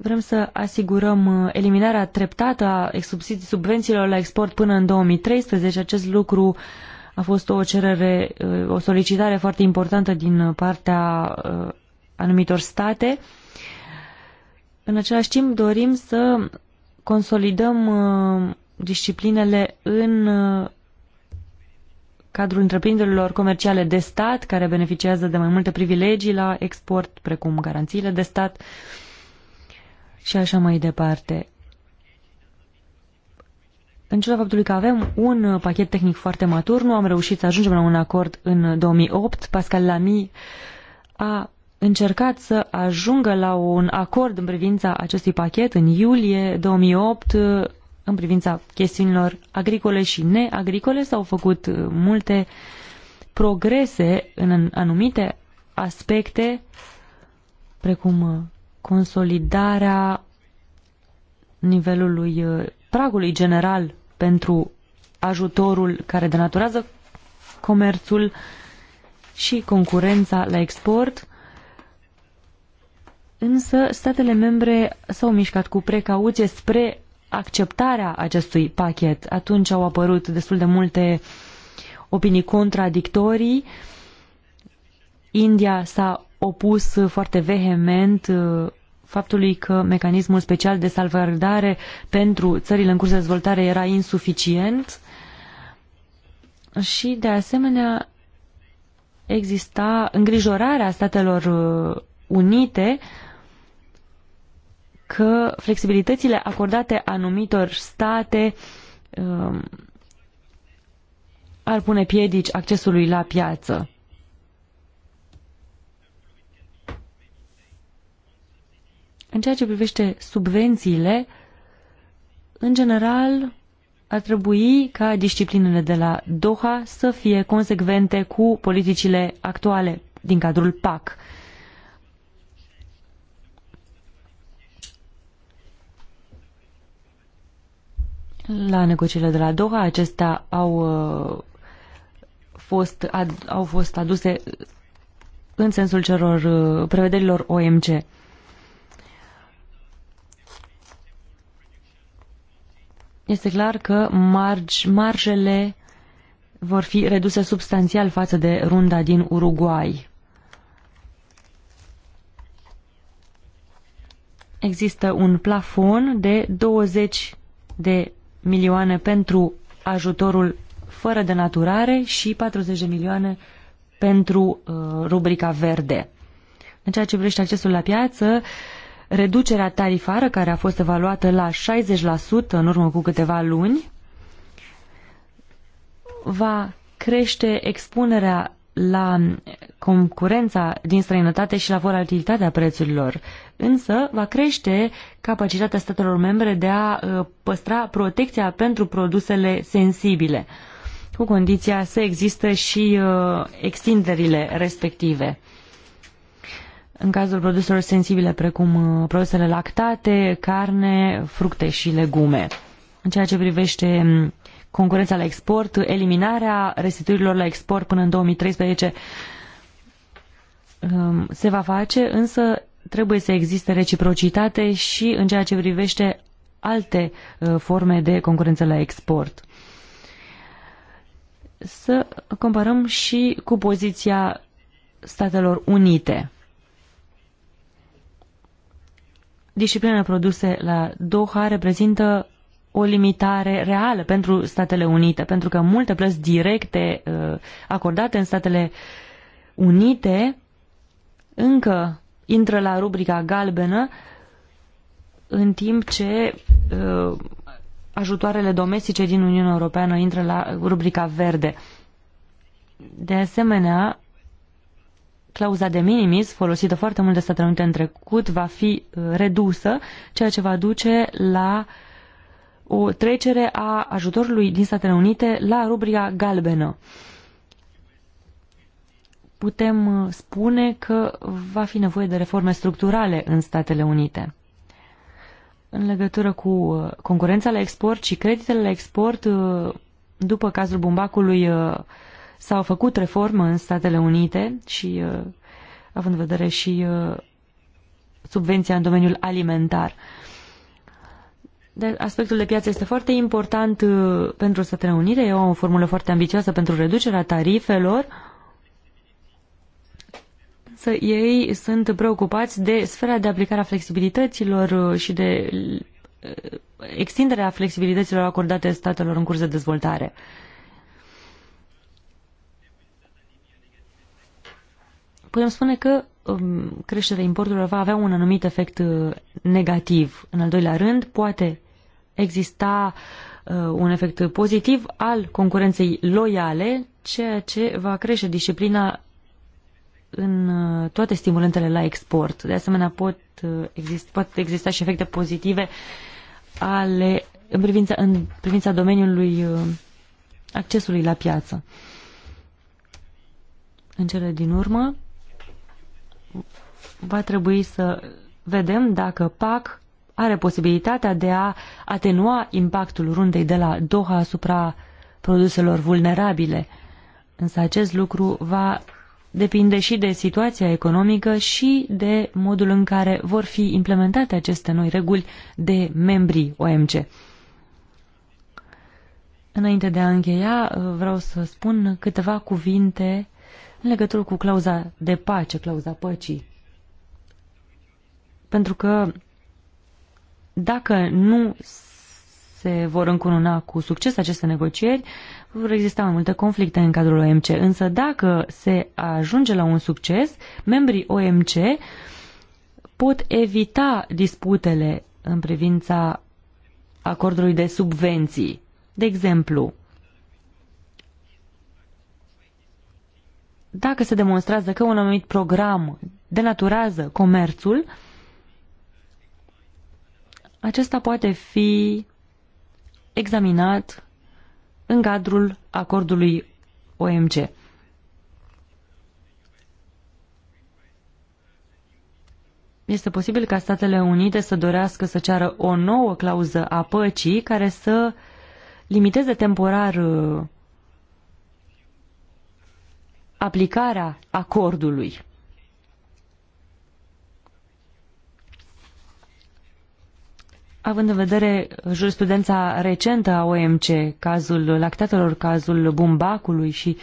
Vrem să asigurăm uh, eliminarea treptată a subvențiilor la export până în 2013. Acest lucru a fost o cerere, uh, o solicitare foarte importantă din partea uh, anumitor state. În același timp dorim să consolidăm disciplinele în cadrul întreprinderilor comerciale de stat, care beneficiază de mai multe privilegii la export, precum garanțiile de stat, uh, și așa mai departe. În ciuda faptului că avem un uh, pachet tehnic foarte matur, nu am reușit să ajungem la un acord în 2008. Pascal Lamy a încercat să ajungă la un acord în privința acestui pachet în iulie 2008 uh, în privința chestiunilor agricole și neagricole. S-au făcut uh, multe progrese în anumite aspecte, precum consolidarea nivelului uh, pragului general pentru ajutorul care denaturează comerțul și concurența la export, însă statele membre s-au mișcat cu precauție spre acceptarea acestui pachet. Atunci au apărut destul de multe opinii contradictorii. India s-a opus foarte vehement uh, faptului că mecanismul special de salvardare pentru țările în curs de dezvoltare era insuficient și, de asemenea, exista îngrijorarea Statelor uh, Unite că flexibilitățile acordate anumitor state um, ar pune piedici accesului la piață. În ceea ce privește subvențiile, în general, ar trebui ca disciplinele de la Doha să fie consecvente cu politicile actuale din cadrul PAC. La negocierile de la Doha, acestea au uh, fost, ad, au fost aduse în sensul celor uh, prevederilor OMC. este clar că marj, marjele vor fi reduse substanțial față de runda din Uruguay. Există un plafon de 20 de milioane pentru ajutorul fără de naturare și 40 de milioane pentru uh, rubrica verde. În ceea ce privește accesul la piață, uh, reducerea tarifară care a fost evaluată la 60% în urmă cu câteva luni va crește expunerea la concurența din străinătate și la volatilitatea prețurilor, însă va crește capacitatea statelor membre de a uh, păstra protecția pentru produsele sensibile, cu condiția să existe și uh, extinderile respective în cazul produselor sensibile precum uh, produsele lactate, carne, fructe și legume. În ceea ce privește mm, concurența la export, eliminarea restituirilor la export până în 2013 um, se va face, însă trebuie să existe reciprocitate și în ceea ce privește alte uh, forme de concurență la export. Să comparăm și cu poziția Statelor Unite disciplina produse la Doha reprezintă o limitare reală pentru Statele Unite, pentru că multe plăți directe uh, acordate în Statele Unite încă intră la rubrica galbenă, în timp ce uh, ajutoarele domestice din Uniunea Europeană intră la rubrica verde. De asemenea, clauza de minimis, folosită foarte mult de Statele Unite în trecut, va fi uh, redusă, ceea ce va duce la o trecere a ajutorului din Statele Unite la rubrica galbenă. Putem uh, spune că va fi nevoie de reforme structurale în Statele Unite. În legătură cu uh, concurența la export și creditele la export, după cazul bumbacului S-au făcut reformă în Statele Unite și uh, având în vedere și uh, subvenția în domeniul alimentar. Dar aspectul de piață este foarte important uh, pentru Statele Unite. Eu am o formulă foarte ambicioasă pentru reducerea tarifelor, Să ei sunt preocupați de sfera de aplicare a flexibilităților și de extinderea flexibilităților acordate statelor în curs de dezvoltare. Uh, putem spune că um, creșterea importurilor va avea un anumit efect uh, negativ. În al doilea rând, poate exista uh, un efect pozitiv al concurenței loiale, ceea ce va crește disciplina în uh, toate stimulentele la export. De asemenea, pot, uh, exist, pot exista și efecte pozitive ale, în, privința, în privința domeniului uh, accesului la piață. În cele din urmă, va trebui să vedem dacă PAC are posibilitatea de a atenua impactul rundei de la Doha asupra produselor vulnerabile. Însă acest lucru va depinde și de situația economică și de modul în care vor fi implementate aceste noi reguli de membrii OMC. Înainte de a încheia, vreau să spun câteva cuvinte în legătură cu clauza de pace, clauza păcii. Pentru că dacă nu se vor încununa cu succes aceste negocieri, vor exista mai multe conflicte în cadrul OMC. Însă dacă se ajunge la un succes, membrii OMC pot evita disputele în privința acordului de subvenții. De exemplu, dacă se demonstrează că un anumit program denaturează comerțul, acesta poate fi examinat în cadrul acordului OMC. Este posibil ca Statele Unite să dorească să ceară o nouă clauză a păcii care să limiteze temporar uh, aplicarea acordului. Având în vedere jurisprudența recentă a OMC, cazul lactatelor, cazul bumbacului și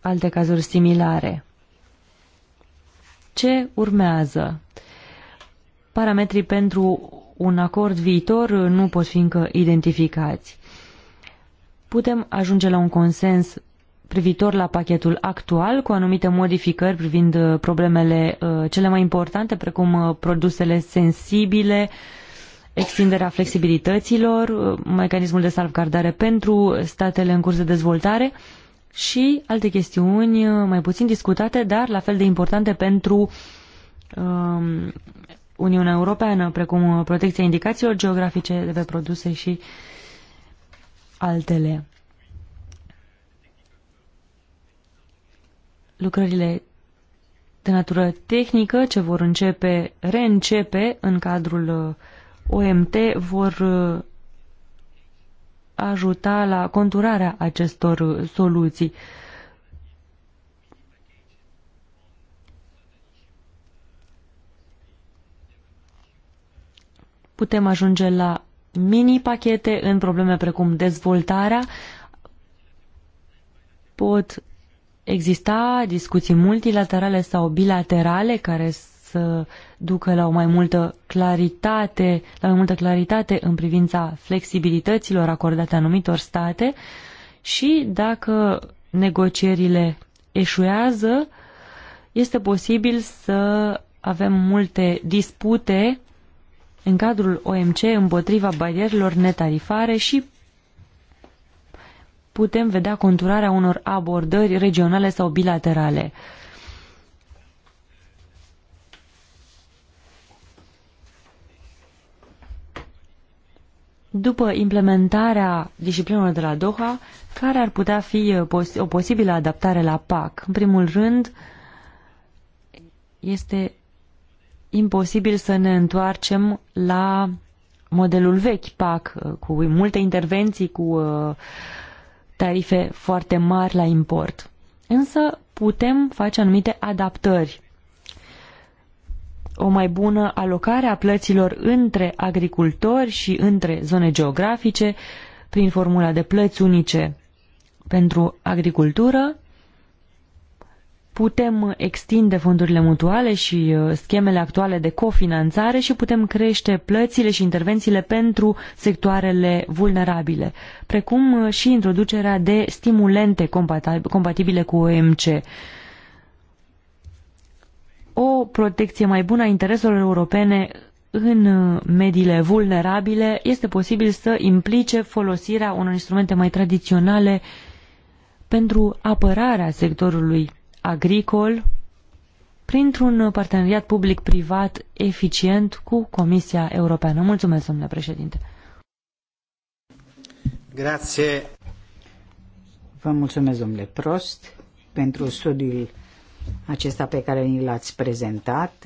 alte cazuri similare, ce urmează? Parametrii pentru un acord viitor nu pot fi încă identificați. Putem ajunge la un consens privitor la pachetul actual, cu anumite modificări privind uh, problemele uh, cele mai importante, precum uh, produsele sensibile, extinderea flexibilităților, mecanismul de salvgardare pentru statele în curs de dezvoltare și alte chestiuni mai puțin discutate, dar la fel de importante pentru um, Uniunea Europeană, precum protecția indicațiilor geografice de pe produse și altele. lucrările de natură tehnică ce vor începe, reîncepe în cadrul uh, OMT vor uh, ajuta la conturarea acestor uh, soluții. Putem ajunge la mini-pachete în probleme precum dezvoltarea. Pot exista discuții multilaterale sau bilaterale care să ducă la o mai multă claritate, la mai multă claritate în privința flexibilităților acordate anumitor state și dacă negocierile eșuează, este posibil să avem multe dispute în cadrul OMC împotriva barierilor netarifare și putem vedea conturarea unor abordări regionale sau bilaterale. După implementarea disciplinelor de la Doha, care ar putea fi uh, o posibilă adaptare la PAC? În primul rând, este imposibil să ne întoarcem la modelul vechi PAC, uh, cu multe intervenții, cu uh, tarife foarte mari la import. Însă putem face anumite adaptări. O mai bună alocare a plăților între agricultori și între zone geografice prin formula de plăți unice pentru agricultură putem extinde fondurile mutuale și uh, schemele actuale de cofinanțare și putem crește plățile și intervențiile pentru sectoarele vulnerabile, precum uh, și introducerea de stimulente compatibile cu OMC. O protecție mai bună a intereselor europene în uh, mediile vulnerabile este posibil să implice folosirea unor instrumente mai tradiționale pentru apărarea sectorului agricol printr-un parteneriat public-privat eficient cu Comisia Europeană. Mulțumesc, domnule președinte. Grație. Vă mulțumesc, domnule Prost, pentru studiul acesta pe care ni l-ați prezentat.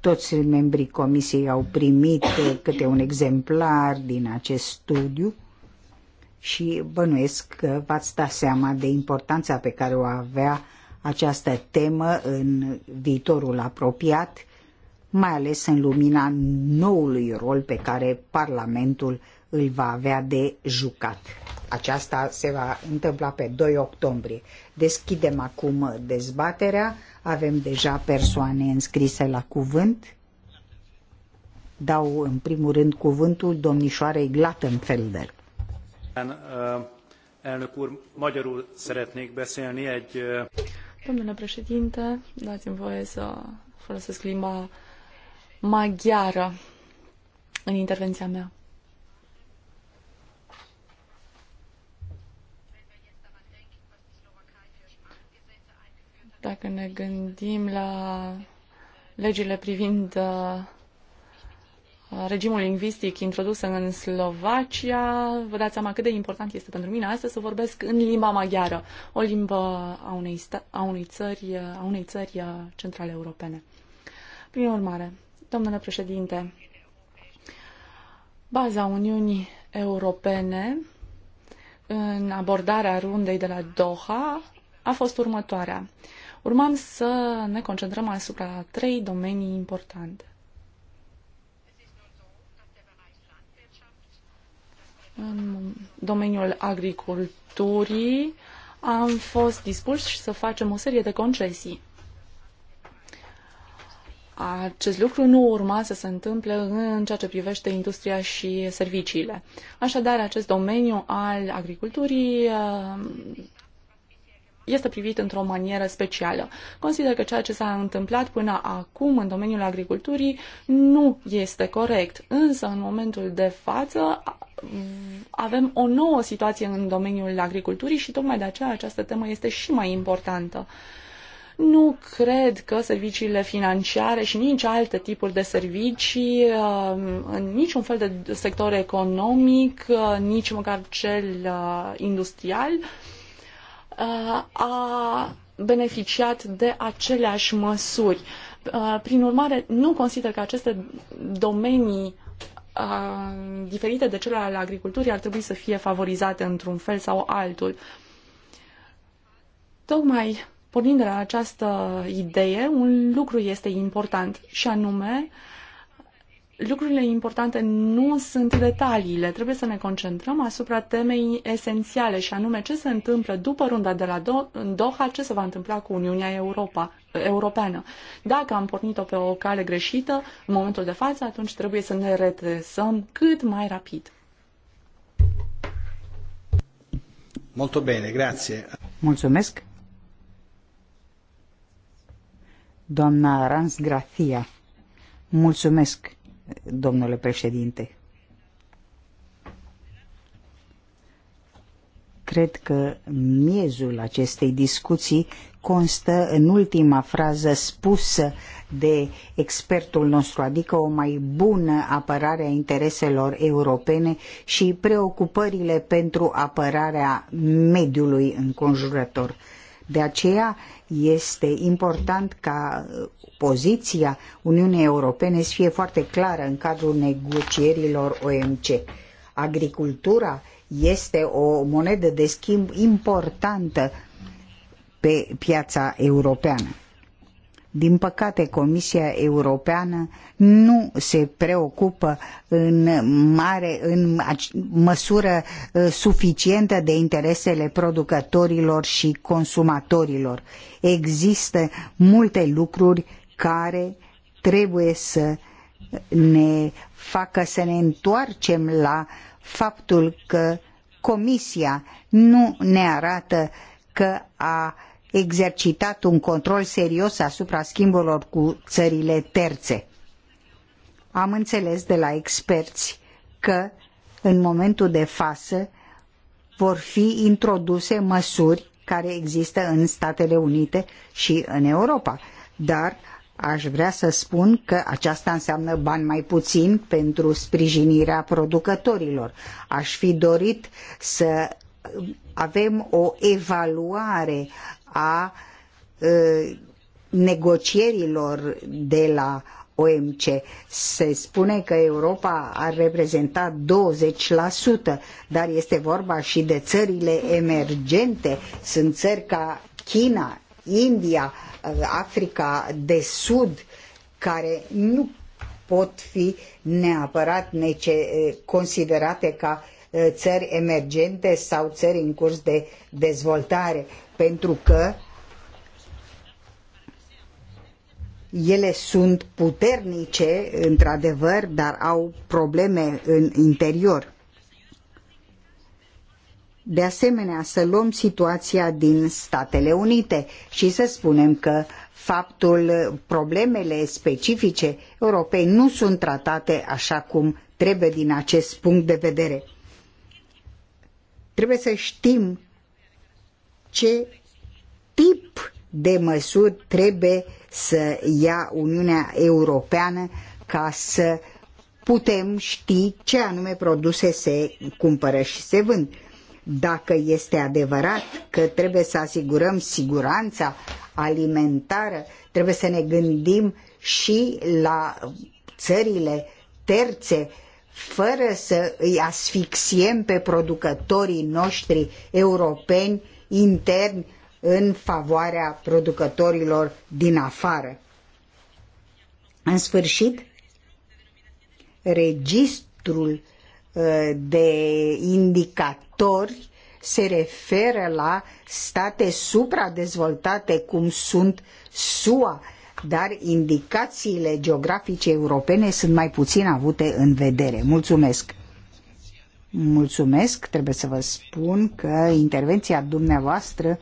Toți membrii comisiei au primit câte un exemplar din acest studiu și bănuiesc că v-ați dat seama de importanța pe care o avea această temă în viitorul apropiat, mai ales în lumina noului rol pe care Parlamentul îl va avea de jucat. Aceasta se va întâmpla pe 2 octombrie. Deschidem acum dezbaterea. Avem deja persoane înscrise la cuvânt. Dau în primul rând cuvântul domnișoarei Glattenfelder. Elnök úr, magyarul szeretnék beszélni egy... Domnule președinte, dați-mi voie să folosesc limba maghiară în intervenția mea. Dacă ne gândim la legile privind uh, regimul lingvistic introdus în Slovacia, vă dați seama cât de important este pentru mine astăzi să vorbesc în limba maghiară, o limbă a unei, sta- a unei, țări, a unei țări uh, centrale europene. Prin urmare, domnule președinte, baza Uniunii Europene în abordarea rundei de la Doha a fost următoarea. Urmam să ne concentrăm asupra trei domenii importante. în domeniul agriculturii am fost dispuși să facem o serie de concesii. Acest lucru nu urma să se întâmple în ceea ce privește industria și serviciile. Așadar, acest domeniu al agriculturii este privit într-o manieră specială. Consider că ceea ce s-a întâmplat până acum în domeniul agriculturii nu este corect, însă în momentul de față avem o nouă situație în domeniul agriculturii și tocmai de aceea această temă este și mai importantă. Nu cred că serviciile financiare și nici alte tipuri de servicii uh, în niciun fel de sector economic, uh, nici măcar cel uh, industrial, a beneficiat de aceleași măsuri. Uh, prin urmare, nu consider că aceste domenii uh, diferite de cele ale agriculturii ar trebui să fie favorizate într-un fel sau altul. Tocmai pornind de la această idee, un lucru este important și anume uh, lucrurile importante nu sunt detaliile. Trebuie să ne concentrăm asupra temei esențiale și anume ce se întâmplă după runda de la Do- Doha, ce se va întâmpla cu Uniunea Europa, Europeană. Dacă am pornit-o pe o cale greșită, în momentul de față, atunci trebuie să ne retresăm cât mai rapid. Molto bene, grazie. Mulțumesc. Doamna Rans Grafia. Mulțumesc domnule președinte. Cred că miezul acestei discuții constă în ultima frază spusă de expertul nostru, adică o mai bună apărare a intereselor europene și preocupările pentru apărarea mediului înconjurător. De aceea este important ca uh, poziția Uniunii Europene să fie foarte clară în cadrul negocierilor OMC. Agricultura este o monedă de schimb importantă pe piața europeană. Din păcate, Comisia Europeană nu se preocupă în mare, în măsură uh, suficientă de interesele producătorilor și consumatorilor. Există multe lucruri care trebuie să ne facă să ne întoarcem la faptul că Comisia nu ne arată că a exercitat un control serios asupra schimburilor cu țările terțe. Am înțeles de la experți că în momentul de față vor fi introduse măsuri care există în Statele Unite și în Europa. Dar aș vrea să spun că aceasta înseamnă bani mai puțin pentru sprijinirea producătorilor. Aș fi dorit să avem o evaluare a negocierilor de la OMC. Se spune că Europa ar reprezenta 20%, dar este vorba și de țările emergente. Sunt țări ca China, India, Africa de Sud, care nu pot fi neapărat nece- considerate ca Uh, țări emergente sau țări în curs de dezvoltare, pentru că ele sunt puternice, într-adevăr, dar au probleme în interior. De asemenea, să luăm situația din Statele Unite și să spunem că faptul, problemele specifice europei nu sunt tratate așa cum trebuie din acest punct de vedere. Trebuie să știm ce tip de măsuri trebuie să ia Uniunea Europeană ca să putem ști ce anume produse se cumpără și se vând. Dacă este adevărat că trebuie să asigurăm siguranța alimentară, trebuie să ne gândim și la țările terțe fără să îi asfixiem pe producătorii noștri europeni interni în favoarea producătorilor din afară. În sfârșit, registrul uh, de indicatori se referă la state supradezvoltate cum sunt SUA, dar indicațiile geografice europene sunt mai puțin avute în vedere. Mulțumesc! Mulțumesc, trebuie să vă spun că intervenția dumneavoastră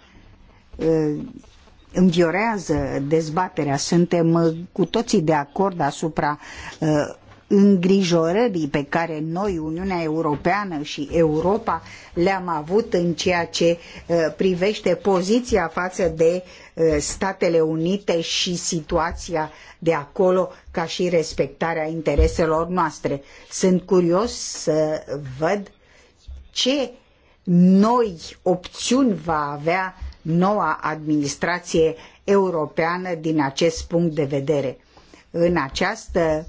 uh, înviorează dezbaterea. Suntem uh, cu toții de acord asupra uh, îngrijorării pe care noi, Uniunea Europeană și Europa, le-am avut în ceea ce uh, privește poziția față de uh, Statele Unite și situația de acolo ca și respectarea intereselor noastre. Sunt curios să văd ce noi opțiuni va avea noua administrație europeană din acest punct de vedere. În această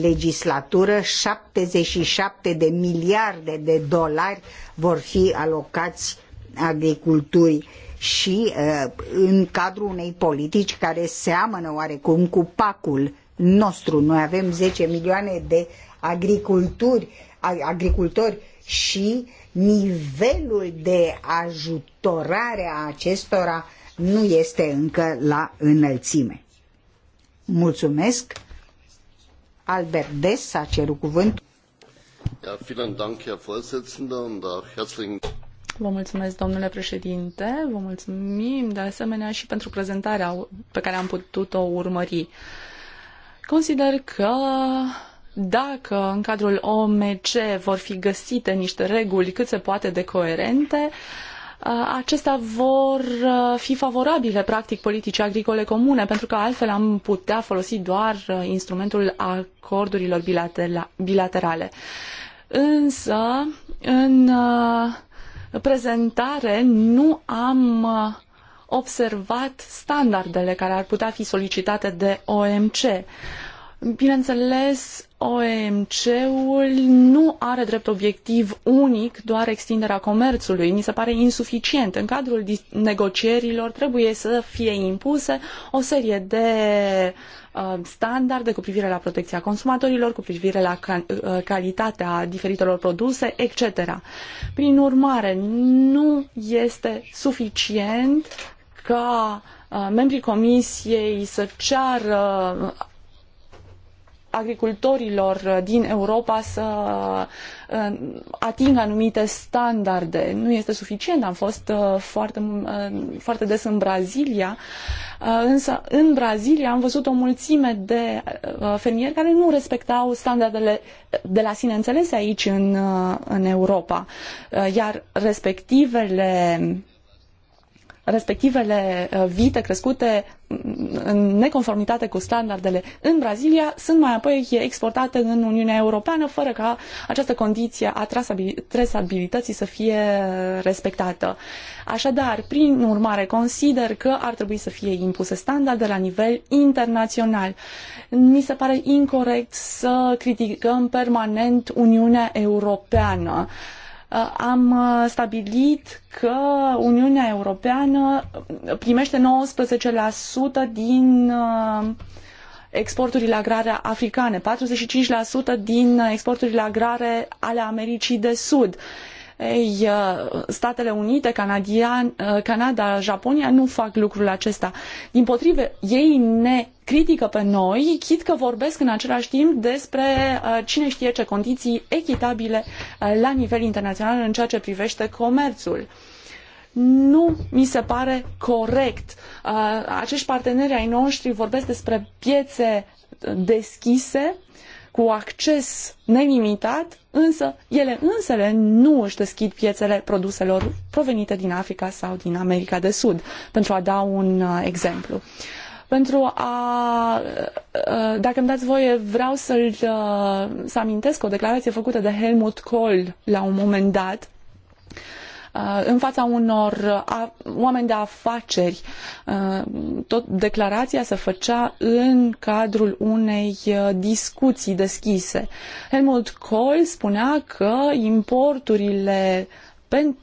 legislatură 77 de miliarde de dolari vor fi alocați agriculturii și uh, în cadrul unei politici care seamănă oarecum cu pacul nostru. Noi avem 10 milioane de agricultori, agricultori și nivelul de ajutorare a acestora nu este încă la înălțime. Mulțumesc! Albert Des a cerut cuvântul. Vă mulțumesc, domnule președinte, vă mulțumim de asemenea și pentru prezentarea pe care am putut-o urmări. Consider că dacă în cadrul OMC vor fi găsite niște reguli cât se poate de coerente, uh, Uh, acestea vor uh, fi favorabile, practic, politicii agricole comune, pentru că altfel am putea folosi doar uh, instrumentul acordurilor bilaterale. Însă, în prezentare, nu am observat standardele care ar putea fi solicitate de OMC. Bineînțeles, OMC-ul nu are drept obiectiv unic doar extinderea comerțului. Mi se pare insuficient. În cadrul negocierilor trebuie să fie impuse o serie de uh, standarde cu privire la protecția consumatorilor, cu privire la uh, calitatea diferitelor produse, etc. Prin urmare, nu este suficient ca uh, membrii comisiei să ceară agricultorilor din Europa să uh, atingă anumite standarde. Nu este suficient. Am fost uh, foarte, uh, foarte des în Brazilia, însă în Brazilia am văzut o mulțime de fermieri care nu respectau standardele de la sine înțelese aici în, în Europa. Iar respectivele respectivele uh, vite crescute mm, în neconformitate cu standardele în Brazilia sunt mai apoi exportate în Uniunea Europeană fără ca această condiție a trasabilității să fie respectată. Așadar, prin urmare, consider că ar trebui să fie impuse standarde la nivel internațional. Mi se pare incorrect să criticăm permanent Uniunea Europeană. Uh, am uh, stabilit că Uniunea Europeană uh, primește 19% din exporturile agrare africane, 45% din exporturile agrare ale Americii de Sud. Ei, uh, Statele Unite, Canadian, uh, Canada, Japonia nu fac lucrul acesta. Din potrive, ei ne critică pe noi, chit că vorbesc în același timp despre uh, cine știe ce condiții echitabile la nivel internațional în ceea ce privește comerțul nu mi se pare corect. Acești parteneri ai noștri vorbesc despre piețe deschise, cu acces nelimitat, însă ele însele nu își deschid piețele produselor provenite din Africa sau din America de Sud, pentru a da un uh, exemplu. Pentru a, uh, dacă îmi dați voie, vreau să-l, uh, să amintesc o declarație făcută de Helmut Kohl la un moment dat, Uh, în fața unor uh, oameni de afaceri. Uh, tot declarația se făcea în cadrul unei discuții deschise. Helmut Kohl spunea că importurile pentru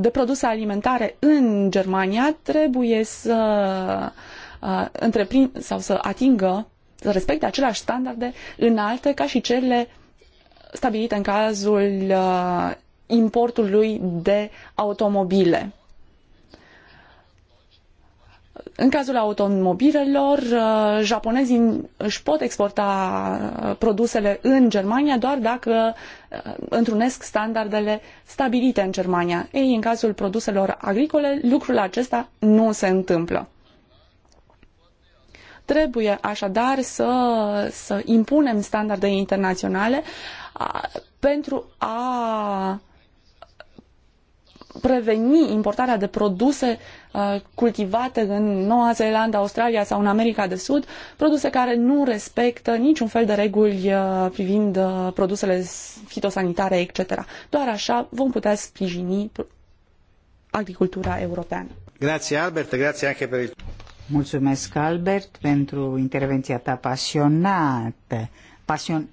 de produse alimentare în Germania trebuie să uh, întreprin, sau să atingă, să respecte aceleași standarde înalte ca și cele stabilite în cazul uh, importului de automobile. În cazul automobilelor, uh, japonezii își pot exporta uh, produsele în Germania doar dacă uh, întrunesc standardele stabilite în Germania. Ei, în cazul produselor agricole, lucrul acesta nu se întâmplă. Trebuie așadar să, să impunem standarde internaționale pentru a preveni importarea de produse uh, cultivate în Noua Zeelandă, Australia sau în America de Sud, produse care nu respectă niciun fel de reguli uh, privind uh, produsele fitosanitare, etc. Doar așa vom putea sprijini agricultura europeană. Grazie Albert, grazie anche per il... Mulțumesc Albert pentru intervenția ta pasionată. Pasion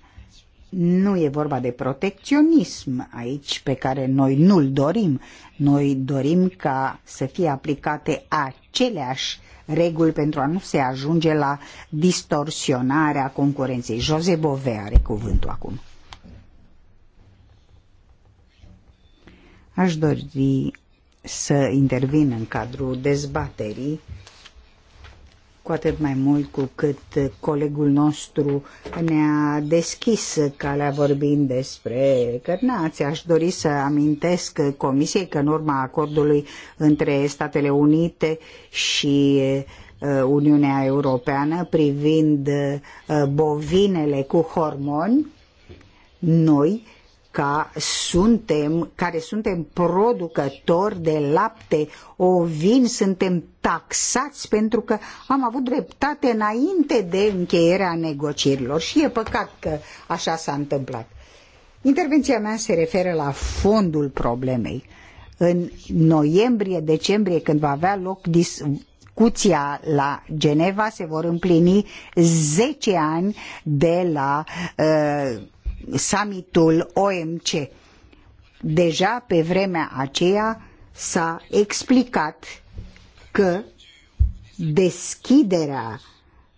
nu e vorba de protecționism aici pe care noi nu-l dorim. Noi dorim ca să fie aplicate aceleași reguli pentru a nu se ajunge la distorsionarea concurenței. Jose Bove are cuvântul acum. Aș dori să intervin în cadrul dezbaterii cu atât mai mult cu cât uh, colegul nostru ne-a deschis calea vorbind despre cărnați. Aș dori să amintesc Comisiei că în urma acordului între Statele Unite și uh, Uniunea Europeană privind uh, bovinele cu hormoni, noi ca suntem, care suntem producători de lapte ovin, suntem taxați pentru că am avut dreptate înainte de încheierea negocierilor și e păcat că așa s-a întâmplat. Intervenția mea se referă la fondul problemei. În noiembrie-decembrie, când va avea loc discuția la Geneva, se vor împlini 10 ani de la uh, summitul OMC. Deja pe vremea aceea s-a explicat că deschiderea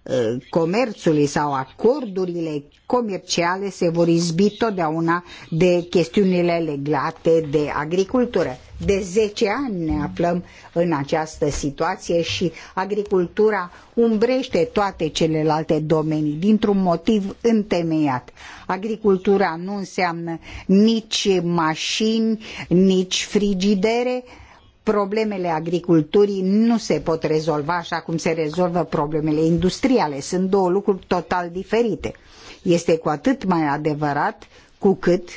Ă, comerțului sau acordurile comerciale se vor izbi totdeauna de chestiunile legate de agricultură. De zece ani ne aflăm în această situație și agricultura umbrește toate celelalte domenii dintr-un motiv întemeiat. Agricultura nu înseamnă nici mașini, nici frigidere, problemele agriculturii nu se pot rezolva așa cum se rezolvă problemele industriale. Sunt două lucruri total diferite. Este cu atât mai adevărat cu cât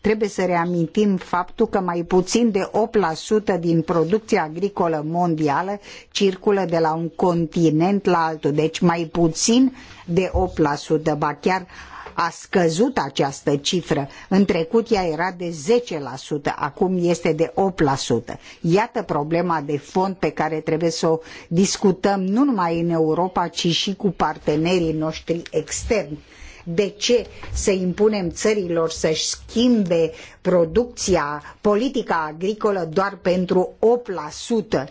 trebuie să reamintim faptul că mai puțin de 8% din producția agricolă mondială circulă de la un continent la altul, deci mai puțin de 8%, ba chiar a scăzut această cifră. În trecut ea era de 10%, acum este de 8%. Iată problema de fond pe care trebuie să o discutăm nu numai în Europa, ci și cu partenerii noștri externi. De ce să impunem țărilor să-și schimbe producția, politica agricolă doar pentru 8%?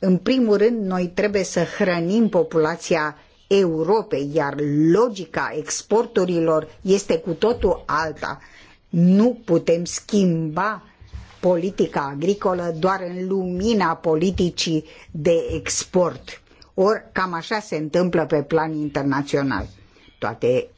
În primul rând, noi trebuie să hrănim populația Europei, iar logica exporturilor este cu totul alta. Nu putem schimba politica agricolă doar în lumina politicii de export. Ori cam așa se întâmplă pe plan internațional. Toate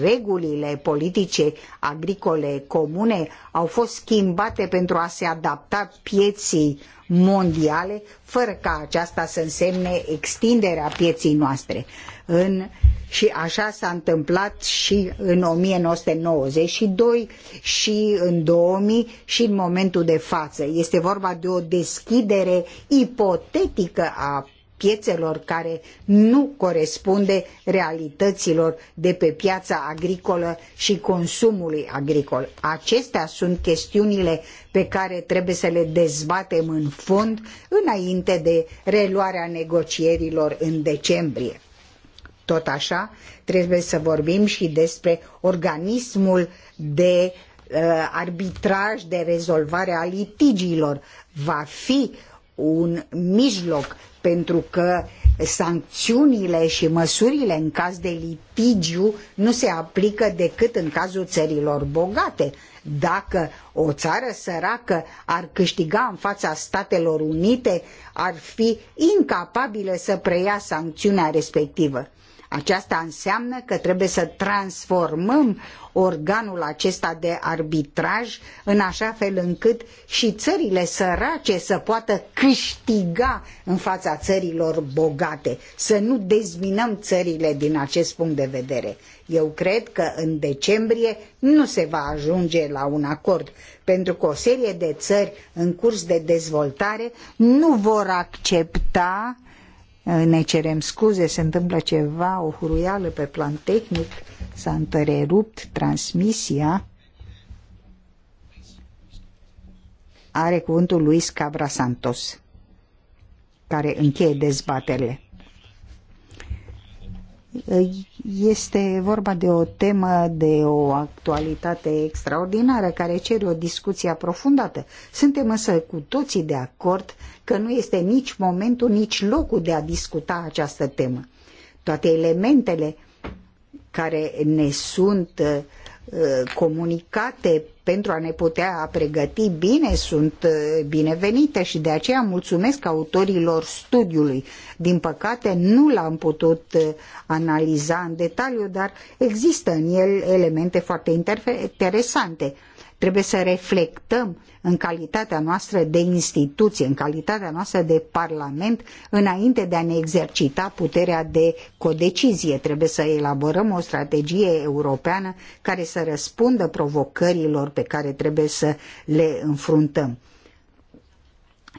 regulile politice agricole comune au fost schimbate pentru a se adapta pieții mondiale, fără ca aceasta să însemne extinderea pieții noastre. În, și așa s-a întâmplat și în 1992 și în 2000 și în momentul de față. Este vorba de o deschidere ipotetică a piețelor care nu corespunde realităților de pe piața agricolă și consumului agricol. Acestea sunt chestiunile pe care trebuie să le dezbatem în fond înainte de reluarea negocierilor în decembrie. Tot așa, trebuie să vorbim și despre organismul de uh, arbitraj, de rezolvare a litigiilor. Va fi un mijloc pentru că sancțiunile și măsurile în caz de litigiu nu se aplică decât în cazul țărilor bogate. Dacă o țară săracă ar câștiga în fața Statelor Unite, ar fi incapabilă să preia sancțiunea respectivă. Aceasta înseamnă că trebuie să transformăm organul acesta de arbitraj în așa fel încât și țările sărace să poată câștiga în fața țărilor bogate, să nu dezminăm țările din acest punct de vedere. Eu cred că în decembrie nu se va ajunge la un acord, pentru că o serie de țări în curs de dezvoltare nu vor accepta ne cerem scuze, se întâmplă ceva, o huruială pe plan tehnic, s-a întrerupt transmisia. Are cuvântul Luis Scabra Santos, care încheie dezbaterile. Este vorba de o temă de o actualitate extraordinară care cere o discuție aprofundată. Suntem însă cu toții de acord că nu este nici momentul, nici locul de a discuta această temă. Toate elementele care ne sunt Uh, comunicate pentru a ne putea pregăti bine sunt uh, binevenite și de aceea mulțumesc autorilor studiului. Din păcate nu l-am putut uh, analiza în detaliu, dar există în el elemente foarte interesante. Trebuie să reflectăm în calitatea noastră de instituție, în calitatea noastră de Parlament, înainte de a ne exercita puterea de codecizie. Trebuie să elaborăm o strategie europeană care să răspundă provocărilor pe care trebuie să le înfruntăm.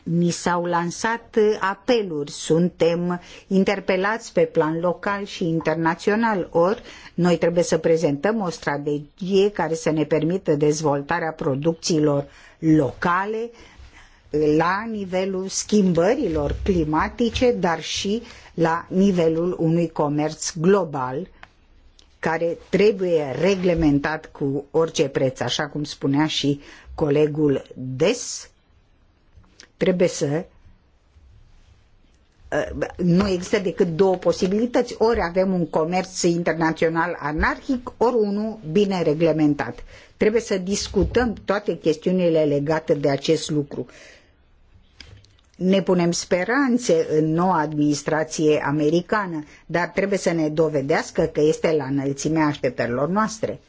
Ni s-au lansat uh, apeluri, suntem interpelați pe plan local și internațional, ori noi trebuie să prezentăm o strategie care să ne permită dezvoltarea producțiilor locale uh, la nivelul schimbărilor climatice, dar și la nivelul unui comerț global care trebuie reglementat cu orice preț, așa cum spunea și colegul Des, Trebuie să uh, nu există decât două posibilități. Ori avem un comerț internațional anarhic, ori unul bine reglementat. Trebuie să discutăm toate chestiunile legate de acest lucru. Ne punem speranțe în noua administrație americană, dar trebuie să ne dovedească că este la înălțimea așteptărilor noastre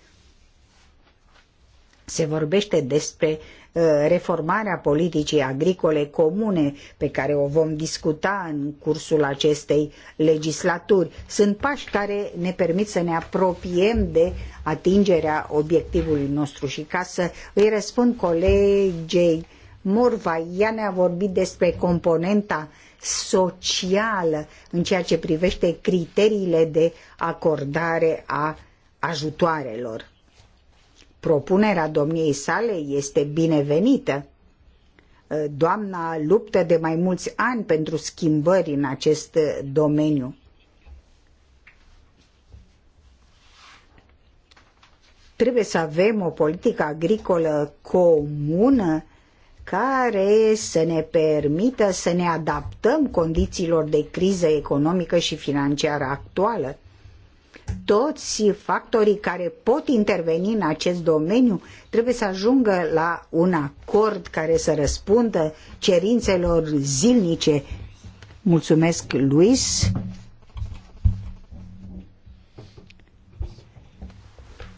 se vorbește despre uh, reformarea politicii agricole comune pe care o vom discuta în cursul acestei legislaturi. Sunt pași care ne permit să ne apropiem de atingerea obiectivului nostru și ca să îi răspund colegei Morva, ea ne-a vorbit despre componenta socială în ceea ce privește criteriile de acordare a ajutoarelor Propunerea domniei sale este binevenită. Uh, doamna luptă de mai mulți ani pentru schimbări în acest uh, domeniu. Trebuie să avem o politică agricolă comună care să ne permită să ne adaptăm condițiilor de criză economică și financiară actuală toți factorii care pot interveni în acest domeniu trebuie să ajungă la un acord care să răspundă cerințelor zilnice. Mulțumesc, Luis.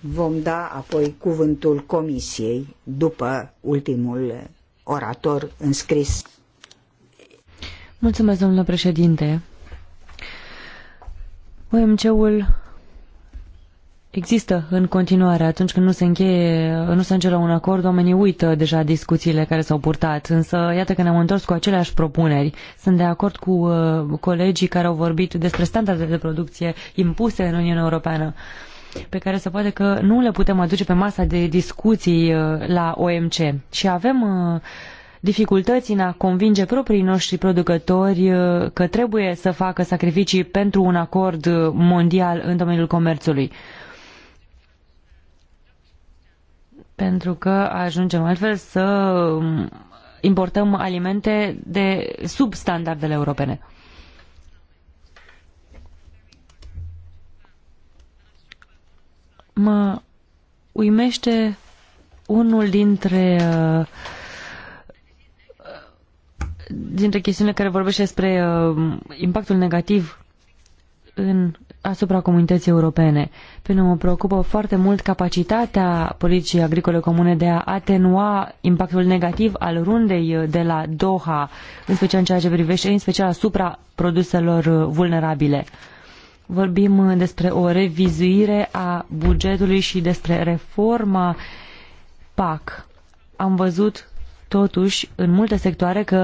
Vom da apoi cuvântul comisiei după ultimul orator înscris. Mulțumesc, domnule președinte. OMC-ul există în continuare. Atunci când nu se încheie, nu se la un acord, oamenii uită deja discuțiile care s-au purtat. Însă, iată că ne-am întors cu aceleași propuneri. Sunt de acord cu uh, colegii care au vorbit despre standarde de producție impuse în Uniunea Europeană pe care se poate că nu le putem aduce pe masa de discuții uh, la OMC. Și avem uh, dificultăți în a convinge proprii noștri producători uh, că trebuie să facă sacrificii pentru un acord uh, mondial în domeniul comerțului. pentru că ajungem altfel să um, importăm alimente de sub standardele europene. Mă uimește unul dintre uh, dintre chestiunile care vorbește despre uh, impactul negativ în asupra comunității europene. Pe noi mă preocupă foarte mult capacitatea politicii agricole comune de a atenua impactul negativ al rundei uh, de la Doha, în special în ceea ce privește, în special asupra produselor uh, vulnerabile. Vorbim uh, despre o revizuire a bugetului și despre reforma PAC. Am văzut totuși în multe sectoare că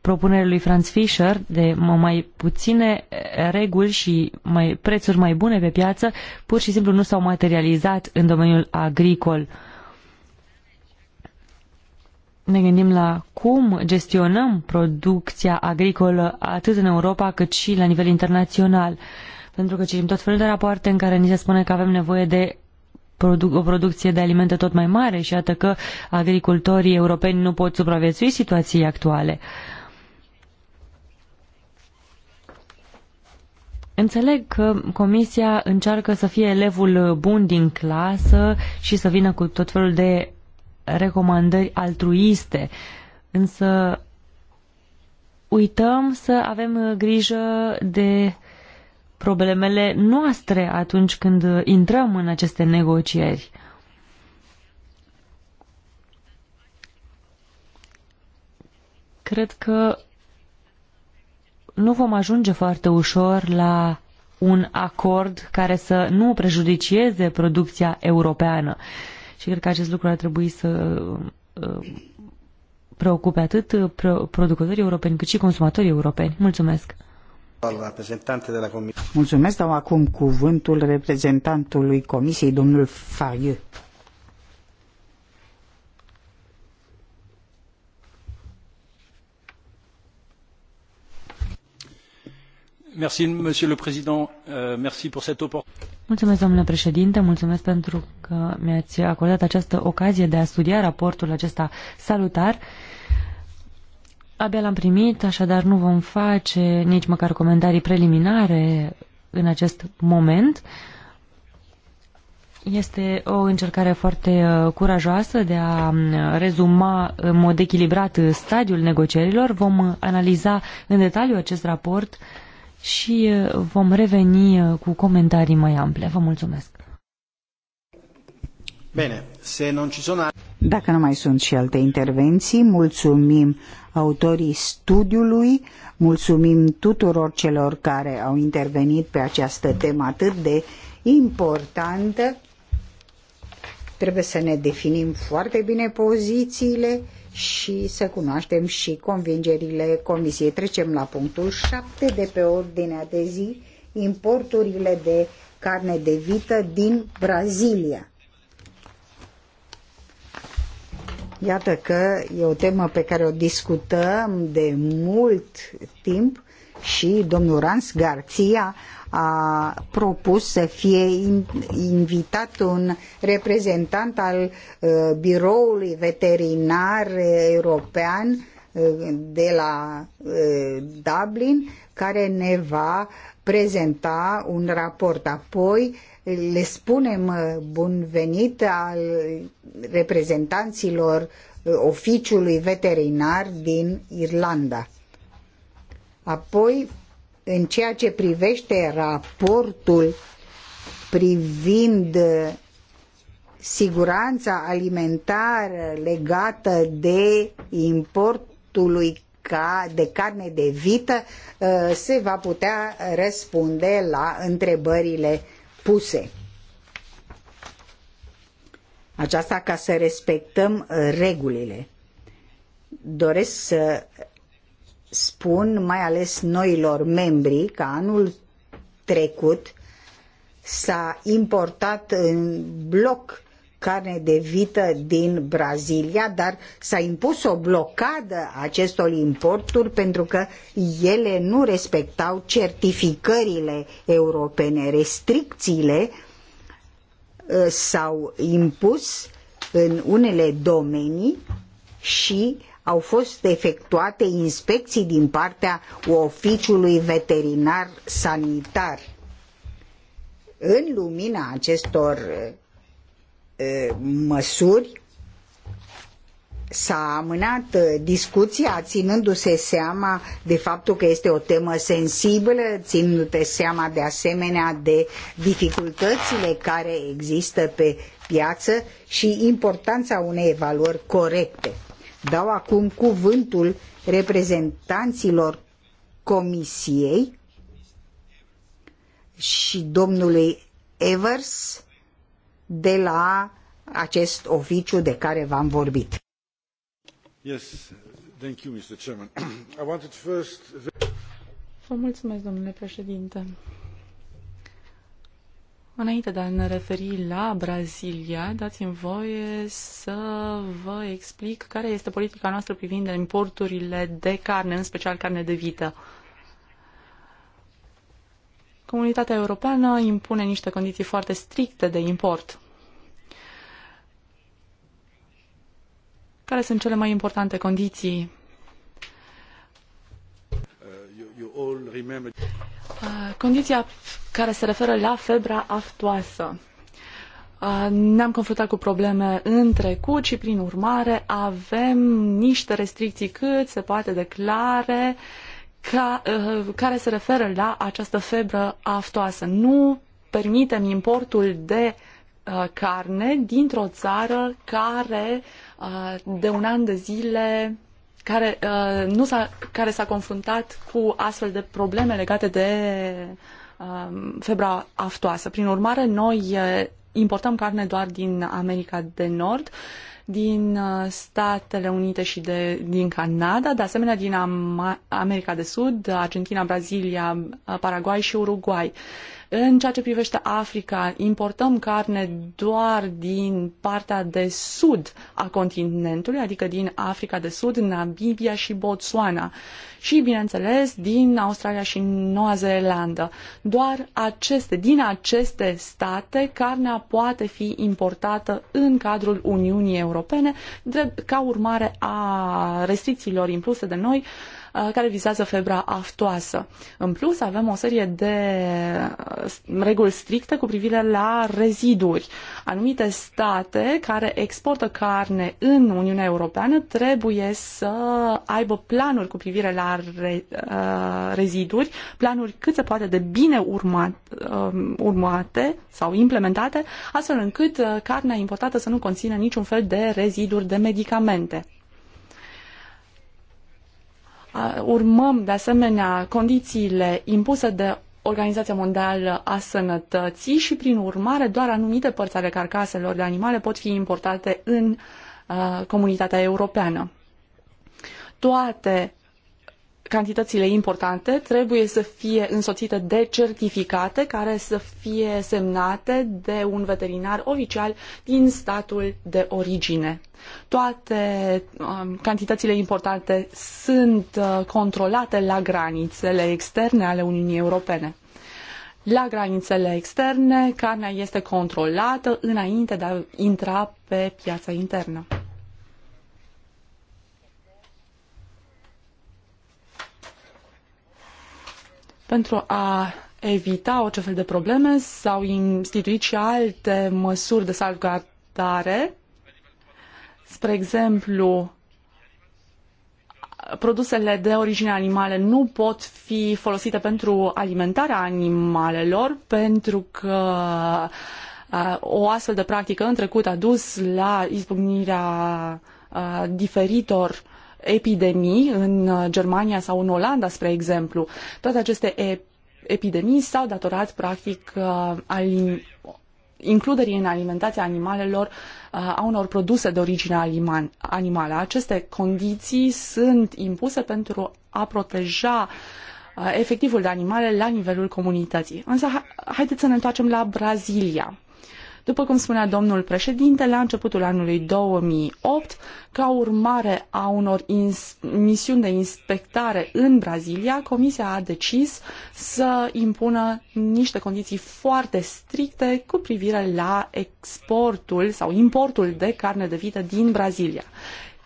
propunerea lui Franz Fischer de mai puține reguli și mai, prețuri mai bune pe piață pur și simplu nu s-au materializat în domeniul agricol. Ne gândim la cum gestionăm producția agricolă atât în Europa cât și la nivel internațional. Pentru că citim tot felul de rapoarte în care ni se spune că avem nevoie de produc, o producție de alimente tot mai mare și iată că agricultorii europeni nu pot supraviețui situației actuale. Înțeleg că comisia încearcă să fie elevul bun din clasă și să vină cu tot felul de recomandări altruiste, însă uităm să avem grijă de uh, problemele noastre atunci când intrăm în aceste negocieri. Cred că nu vom ajunge foarte ușor la un acord care să nu prejudicieze producția europeană. Și cred că acest lucru ar trebui să uh, preocupe atât producătorii europeni cât și consumatorii europeni. Mulțumesc! Mulțumesc, dau acum cuvântul reprezentantului Comisiei, domnul Fariu. Euh, mulțumesc, domnule președinte, mulțumesc pentru că mi-ați acordat această ocazie de a studia raportul acesta salutar. Uh, Abia l-am primit, așadar nu vom face nici măcar comentarii preliminare în acest moment. Este o încercare foarte uh, curajoasă de a um, rezuma în mod echilibrat stadiul negocierilor. Vom analiza în detaliu acest raport și uh, vom reveni uh, cu comentarii mai ample. Vă mulțumesc. Bine, se non ci sono dacă nu mai sunt și alte intervenții, mulțumim autorii studiului, mulțumim tuturor celor care au intervenit pe această temă atât de importantă. Trebuie să ne definim foarte bine pozițiile și să cunoaștem și convingerile comisiei. Trecem la punctul 7 de pe ordinea de zi, importurile de carne de vită din Brazilia. Iată că e o temă pe care o discutăm de mult timp și domnul Rans Garcia a propus să fie invitat un reprezentant al uh, biroului veterinar european uh, de la uh, Dublin care ne va prezenta un raport. Apoi le spunem uh, bun venit al reprezentanților uh, oficiului veterinar din Irlanda. Apoi, în ceea ce privește raportul privind uh, siguranța alimentară legată de importului ca de carne de vită se va putea răspunde la întrebările puse. Aceasta ca să respectăm uh, regulile. Doresc să spun mai ales noilor membri că anul trecut s-a importat în bloc carne de vită din Brazilia, dar s-a impus o blocadă acestor importuri pentru că ele nu respectau certificările europene. Restricțiile uh, s-au impus în unele domenii și au fost efectuate inspecții din partea oficiului veterinar sanitar. În lumina acestor uh, măsuri s-a amânat discuția ținându-se seama de faptul că este o temă sensibilă, ținându-se seama de asemenea de dificultățile care există pe piață și importanța unei evaluări corecte. Dau acum cuvântul reprezentanților Comisiei și domnului Evers de la acest oficiu de care v-am vorbit. Yes. Thank you, Mr. Chairman. I wanted first... Vă mulțumesc, domnule președinte. Înainte de a ne referi la Brazilia, dați-mi voie să vă explic care este politica noastră privind importurile de carne, în special carne de vită. Comunitatea europeană impune niște condiții foarte stricte de import. Care sunt cele mai importante condiții? Uh, condiția care se referă la febra aftoasă. Uh, ne-am confruntat cu probleme în trecut și, prin urmare, avem niște restricții cât se poate de clare ca, uh, care se referă la această febră aftoasă. Nu permitem importul de Uh, carne dintr-o țară care uh, de un an de zile care, uh, nu s-a, care s-a confruntat cu astfel de probleme legate de um, febra aftoasă. Prin urmare, noi importăm carne doar din America de Nord, din Statele Unite și de, din Canada, de asemenea din America de Sud, Argentina, Brazilia, Paraguay și Uruguay. În ceea ce privește Africa, importăm carne doar din partea de sud a continentului, adică din Africa de Sud, Namibia și Botswana și, bineînțeles, din Australia și Noua Zeelandă. Doar aceste, din aceste state, carnea poate fi importată în cadrul Uniunii Europene, drept ca urmare a restricțiilor impuse de noi uh, Uh, care vizează febra aftoasă. În plus, avem o serie de uh, reguli stricte cu privire la reziduri. Anumite state care exportă carne în Uniunea Europeană trebuie să aibă planuri cu privire la re, uh, reziduri, planuri cât se poate de bine urmat, urmate sau implementate, astfel încât carnea importată să nu conțină niciun fel de reziduri de medicamente urmăm de asemenea condițiile impuse de Organizația Mondială a Sănătății și, prin urmare, doar anumite părți ale carcaselor de animale pot fi importate în uh, comunitatea europeană. Toate cantitățile importante trebuie să fie însoțite de certificate care să fie semnate de un veterinar oficial din statul de origine. Toate um, cantitățile importante sunt uh, controlate la granițele externe ale Uniunii Europene. La granițele externe, carnea este controlată înainte de a intra pe piața internă. Pentru a evita orice fel de probleme, s-au instituit și alte măsuri de salvgardare, spre exemplu, produsele de origine animale nu pot fi folosite pentru alimentarea animalelor, pentru că uh, o astfel de practică în trecut a dus la izbucnirea uh, diferitor epidemii în uh, Germania sau în Olanda, spre exemplu. Toate aceste epidemii s-au datorat, practic, uh, alim- includerii în alimentația animalelor uh, a unor produse de origine animală. Aceste condiții sunt impuse pentru a proteja efectivul de animale la nivelul comunității. Însă, haideți să ne întoarcem la Brazilia. După cum spunea domnul președinte, la începutul anului 2008, ca urmare a unor misiuni de inspectare în Brazilia, Comisia a decis să impună niște condiții foarte stricte cu privire la exportul sau importul de carne de vită din Brazilia.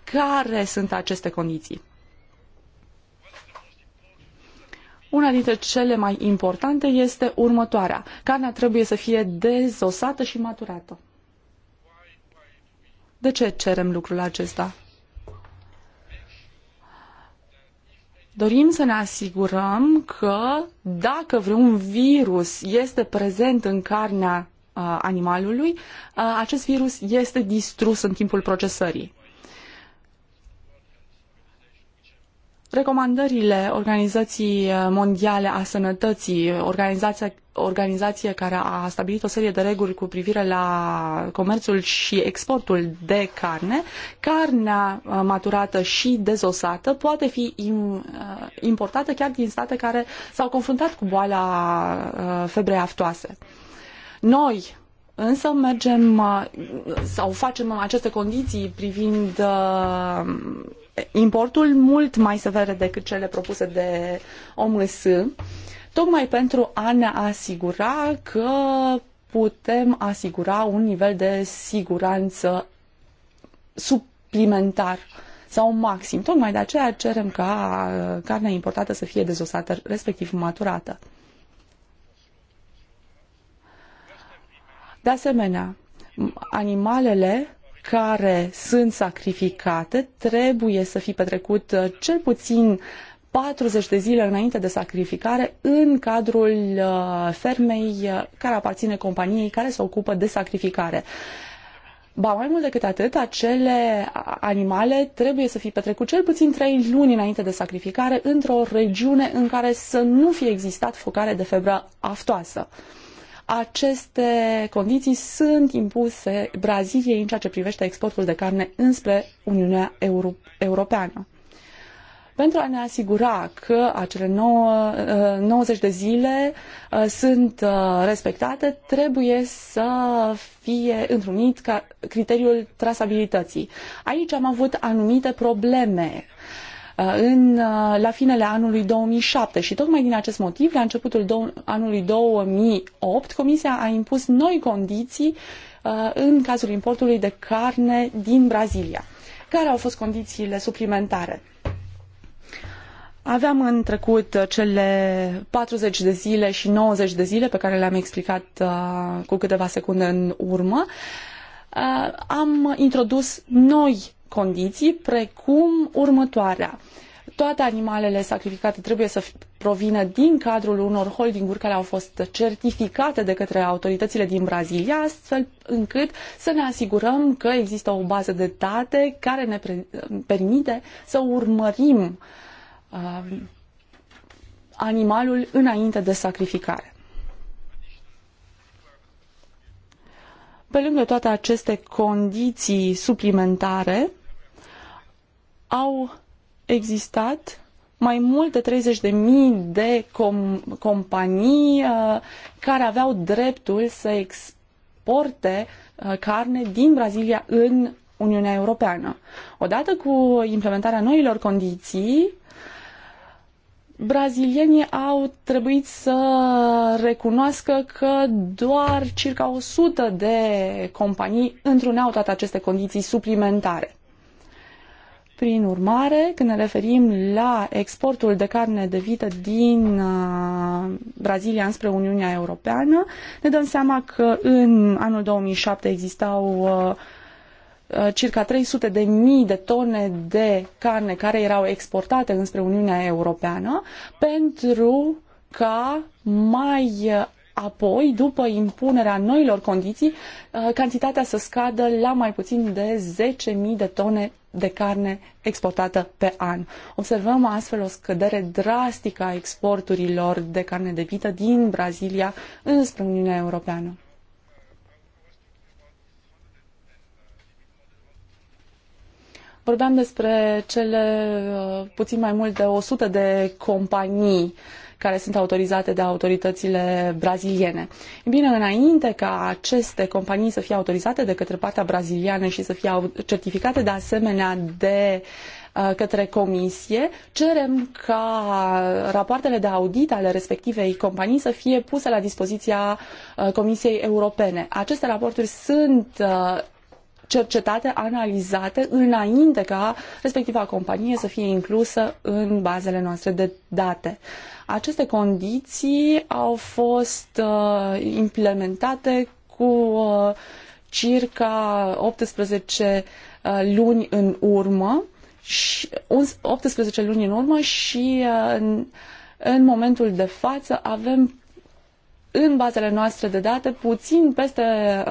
Care sunt aceste condiții? Una dintre cele mai importante este următoarea. Carnea trebuie să fie dezosată și maturată. De ce cerem lucrul acesta? Dorim să ne asigurăm că dacă vreun virus este prezent în carnea uh, animalului, uh, acest virus este distrus în timpul procesării. Recomandările Organizației Mondiale a Sănătății, organizația, organizație care a stabilit o serie de reguli cu privire la comerțul și exportul de carne, carnea uh, maturată și dezosată poate fi uh, importată chiar din state care s-au confruntat cu boala uh, febrei aftoase. Noi, Însă mergem sau facem aceste condiții privind importuri mult mai severe decât cele propuse de OMS, tocmai pentru a ne asigura că putem asigura un nivel de siguranță suplimentar sau maxim. Tocmai de aceea cerem ca carnea importată să fie dezosată, respectiv maturată. De asemenea, animalele care sunt sacrificate trebuie să fie petrecut uh, cel puțin 40 de zile înainte de sacrificare în cadrul uh, fermei uh, care aparține companiei care se ocupă de sacrificare. Ba mai mult decât atât, acele animale trebuie să fie petrecut cel puțin trei luni înainte de sacrificare într-o regiune în care să nu fie existat focare de febră aftoasă. Aceste condiții sunt impuse Braziliei în ceea ce privește exportul de carne înspre Uniunea Euro- Europeană pentru a ne asigura că acele 9, 90 uh, de zile uh, sunt uh, respectate, trebuie să fie întrunit ca criteriul trasabilității. Aici am avut anumite probleme. Uh, în, uh, la finele anului 2007 și tocmai din acest motiv, la începutul anului 2008, Comisia a impus noi condiții uh, în cazul importului de carne din Brazilia. Care au fost condițiile suplimentare? Aveam în trecut cele 40 de zile și 90 de zile pe care le-am explicat uh, cu câteva secunde în urmă. Uh, am introdus noi condiții precum următoarea. Toate animalele sacrificate trebuie să provină din cadrul unor holdinguri care au fost certificate de către autoritățile din Brazilia, astfel încât să ne asigurăm că există o bază de date care ne permite să urmărim uh, animalul înainte de sacrificare. Pe lângă toate aceste condiții suplimentare, au existat mai mult de 30.000 de com- companii uh, care aveau dreptul să exporte uh, carne din Brazilia în Uniunea Europeană. Odată cu implementarea noilor condiții, brazilienii au trebuit să recunoască că doar circa 100 de companii întruneau toate aceste condiții suplimentare. Prin urmare, când ne referim la exportul de carne de vită din uh, Brazilia înspre Uniunea Europeană, ne dăm seama că în anul 2007 existau uh, uh, circa 300 de mii de tone de carne care erau exportate înspre Uniunea Europeană pentru ca mai apoi, după impunerea noilor condiții, uh, cantitatea să scadă la mai puțin de 10.000 de tone de carne exportată pe an. Observăm astfel o scădere drastică a exporturilor de carne de vită din Brazilia înspre Uniunea Europeană. Vorbeam despre cele uh, puțin mai mult de 100 de companii uh, care sunt autorizate de autoritățile braziliene. E bine, înainte ca aceste companii să fie autorizate de către partea braziliană și să fie certificate de asemenea de uh, către comisie, cerem ca rapoartele de audit ale respectivei companii să fie puse la dispoziția uh, Comisiei Europene. Aceste raporturi sunt uh, cercetate, analizate înainte ca respectiva companie să fie inclusă în bazele noastre de date. Aceste condiții au fost uh, implementate cu uh, circa 18 uh, luni în urmă și 18 luni în urmă și în momentul de față avem în bazele noastre de date puțin peste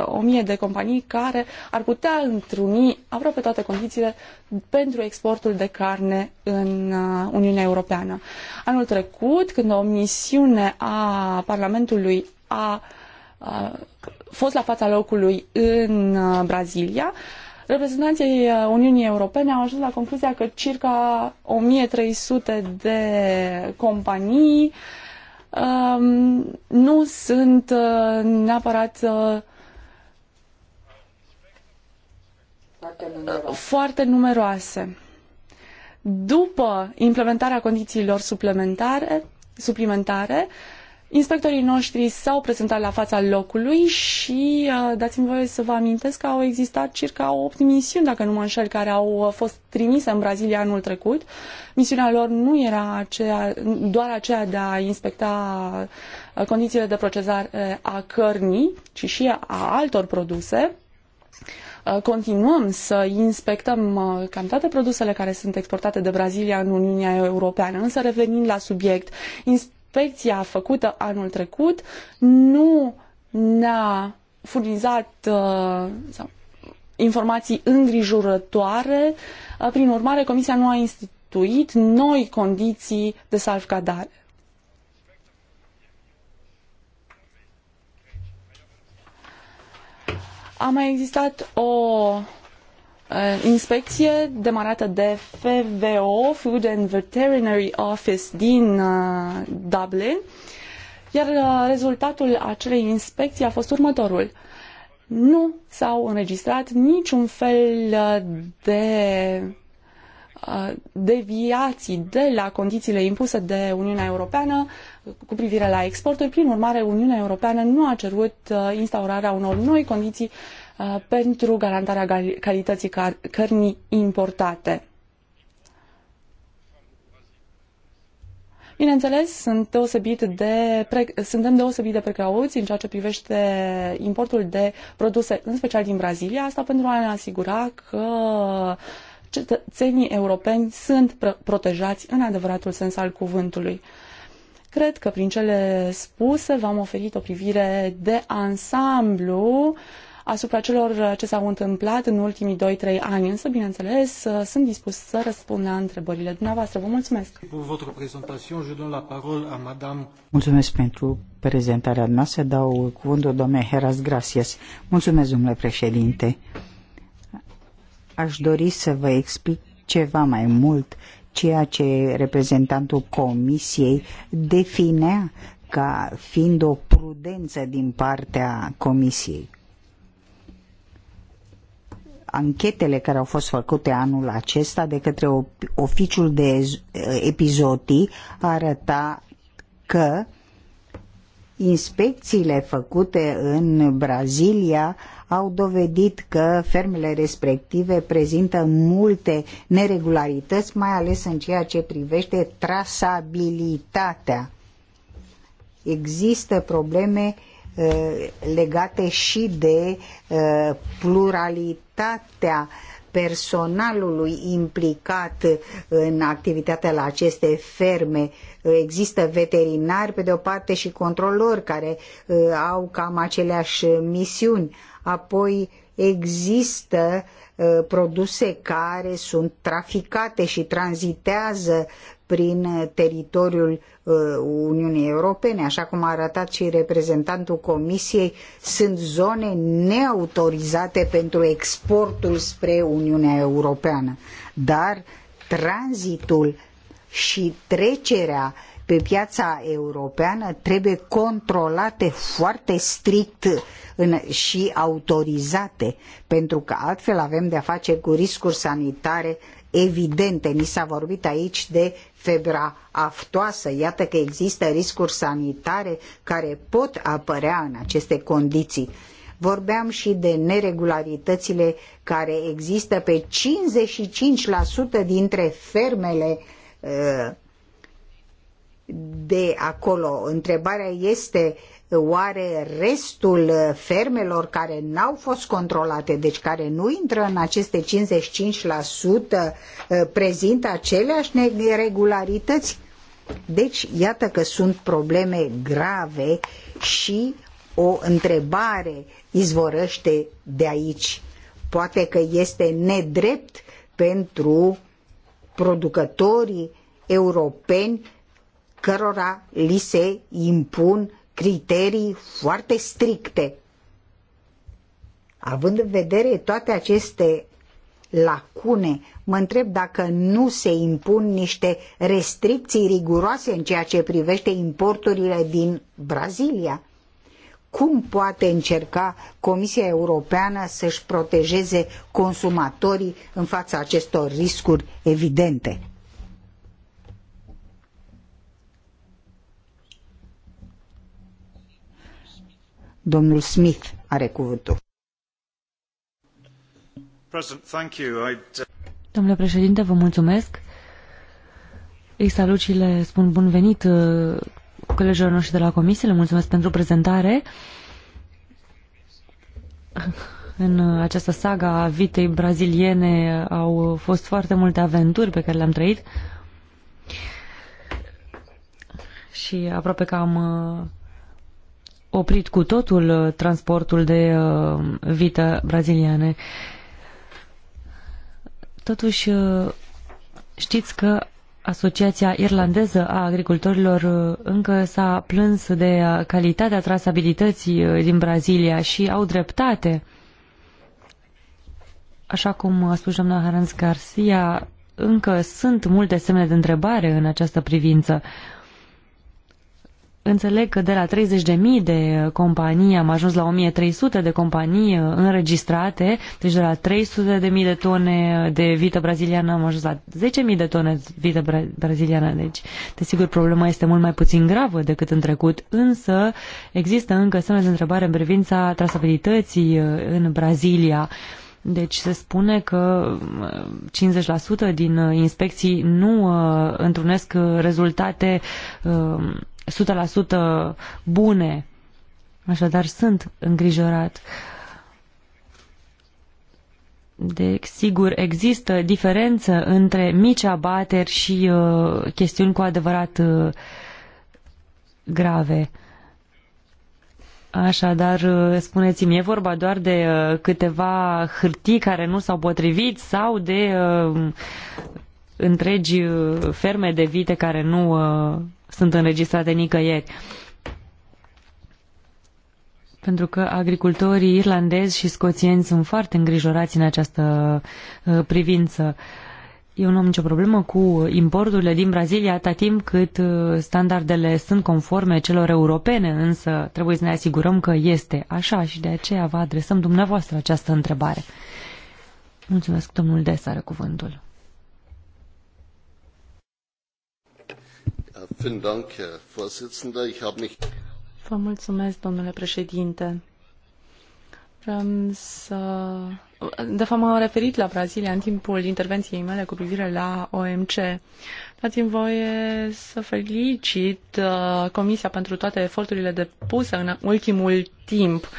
o mie de companii care ar putea întruni aproape toate condițiile pentru exportul de carne în uh, Uniunea Europeană. Anul trecut, când o misiune a Parlamentului a, a uh, fost la fața locului în uh, Brazilia, reprezentanții Uniunii Europene au ajuns la concluzia că circa 1300 de companii uh, Um, nu sunt uh, neapărat uh, foarte uh, numeroase. foarte numeroase. După implementarea condițiilor suplimentare, suplimentare Inspectorii noștri s-au prezentat la fața locului și uh, dați-mi voie să vă amintesc că au existat circa 8 misiuni, dacă nu mă înșel, care au uh, fost trimise în Brazilia anul trecut. Misiunea lor nu era aceea, doar aceea de a inspecta uh, condițiile de procesare a cărnii, ci și a altor produse. Continuăm să inspectăm cam toate produsele care sunt exportate de Brazilia în Uniunea Europeană, însă revenind la subiect, inspecția făcută anul trecut nu ne-a furnizat uh, informații îngrijorătoare. Uh, prin urmare, Comisia nu a instituit noi condiții de salvgardare. A mai existat o Uh, inspecție demarată de FVO, Food and Veterinary Office din uh, Dublin, iar uh, rezultatul acelei inspecții a fost următorul. Nu s-au înregistrat niciun fel de deviații de la condițiile impuse de Uniunea Europeană cu privire la exporturi. Prin urmare, Uniunea Europeană nu a cerut uh, instaurarea unor noi condiții uh, pentru garantarea calității cărnii importate. Bineînțeles, sunt deosebit de pre, suntem deosebit de precauți în ceea ce privește importul de produse, în special din Brazilia, asta pentru a ne asigura că cetățenii europeni sunt protejați în adevăratul sens al cuvântului. Cred că prin cele spuse v-am oferit o privire de ansamblu asupra celor ce s-au întâmplat în ultimii 2-3 ani, însă, bineînțeles, sunt dispus să răspund la întrebările dumneavoastră. Vă mulțumesc! Mulțumesc pentru prezentarea noastră. Dau cuvântul domnului Heras Gracias. Mulțumesc, domnule președinte. Aș dori să vă explic ceva mai mult ceea ce reprezentantul Comisiei definea ca fiind o prudență din partea Comisiei. Anchetele care au fost făcute anul acesta de către oficiul de epizotii arăta că uh, Inspecțiile făcute în Brazilia au dovedit că fermele respective prezintă multe neregularități, mai ales în ceea ce privește trasabilitatea. Există probleme eh, legate și de eh, pluralitatea personalului implicat în activitatea la aceste ferme. Există veterinari, pe de o parte, și controlori care uh, au cam aceleași misiuni. Apoi există uh, produse care sunt traficate și tranzitează prin teritoriul uh, Uniunii Europene, așa cum a arătat și reprezentantul Comisiei, sunt zone neautorizate pentru exportul spre Uniunea Europeană. Dar tranzitul și trecerea pe piața europeană trebuie controlate foarte strict în, și autorizate, pentru că altfel avem de-a face cu riscuri sanitare evidente. Ni s-a vorbit aici de febra aftoasă. Iată că există riscuri sanitare care pot apărea în aceste condiții. Vorbeam și de neregularitățile care există pe 55% dintre fermele uh, de acolo. Întrebarea este Oare restul fermelor care n-au fost controlate, deci care nu intră în aceste 55%, eh, prezintă aceleași neregularități? Deci, iată că sunt probleme grave și o întrebare izvorăște de aici. Poate că este nedrept pentru producătorii europeni cărora li se impun criterii foarte stricte. Având în vedere toate aceste lacune, mă întreb dacă nu se impun niște restricții riguroase în ceea ce privește importurile din Brazilia. Cum poate încerca Comisia Europeană să-și protejeze consumatorii în fața acestor riscuri evidente? Domnul Smith are cuvântul. Uh, Domnule președinte, vă mulțumesc. Îi salut și le spun bun venit uh, colegilor noștri de la comisie. Le mulțumesc pentru prezentare. În uh, această saga a vitei braziliene au fost foarte multe aventuri pe care le-am trăit și aproape că am oprit cu totul uh, transportul de uh, vită braziliane. Totuși, uh, știți că Asociația Irlandeză a Agricultorilor încă s-a plâns de calitatea trasabilității din Brazilia și au dreptate. Așa cum a spus doamna Hans Garcia, încă sunt multe semne de întrebare în această privință. Înțeleg că de la 30.000 de companii am ajuns la 1.300 de companii uh, înregistrate, deci de la 300.000 de tone de vită braziliană am ajuns la 10.000 de tone vită bra- braziliană, deci desigur problema este mult mai puțin gravă decât în trecut, însă există încă semne de întrebare în privința trasabilității uh, în Brazilia. Uh, deci se spune că 50% uh, din uh, inspecții nu uh, întrunesc rezultate 100% bune. Așadar sunt îngrijorat. Deci, sigur, există diferență între mici abateri și uh, chestiuni cu adevărat uh, grave. Așadar, uh, spuneți-mi, e vorba doar de uh, câteva hârtii care nu s-au potrivit sau de uh, întregi ferme de vite care nu sunt înregistrate nicăieri? Pentru că agricultorii irlandezi și scoțieni sunt foarte îngrijorați în această privință. Uh, eu nu am nicio problemă cu importurile din Brazilia atâta timp cât uh, standardele sunt conforme celor europene, însă trebuie să ne asigurăm că este așa și de aceea vă adresăm dumneavoastră această întrebare. Mulțumesc, domnul Des are cuvântul. Vă mulțumesc, domnule președinte. Vreau să de fapt m-am referit la Brazilia în timpul intervenției mele cu privire la OMC. Dați-mi voie să felicit uh, Comisia pentru toate eforturile depuse în ultimul timp.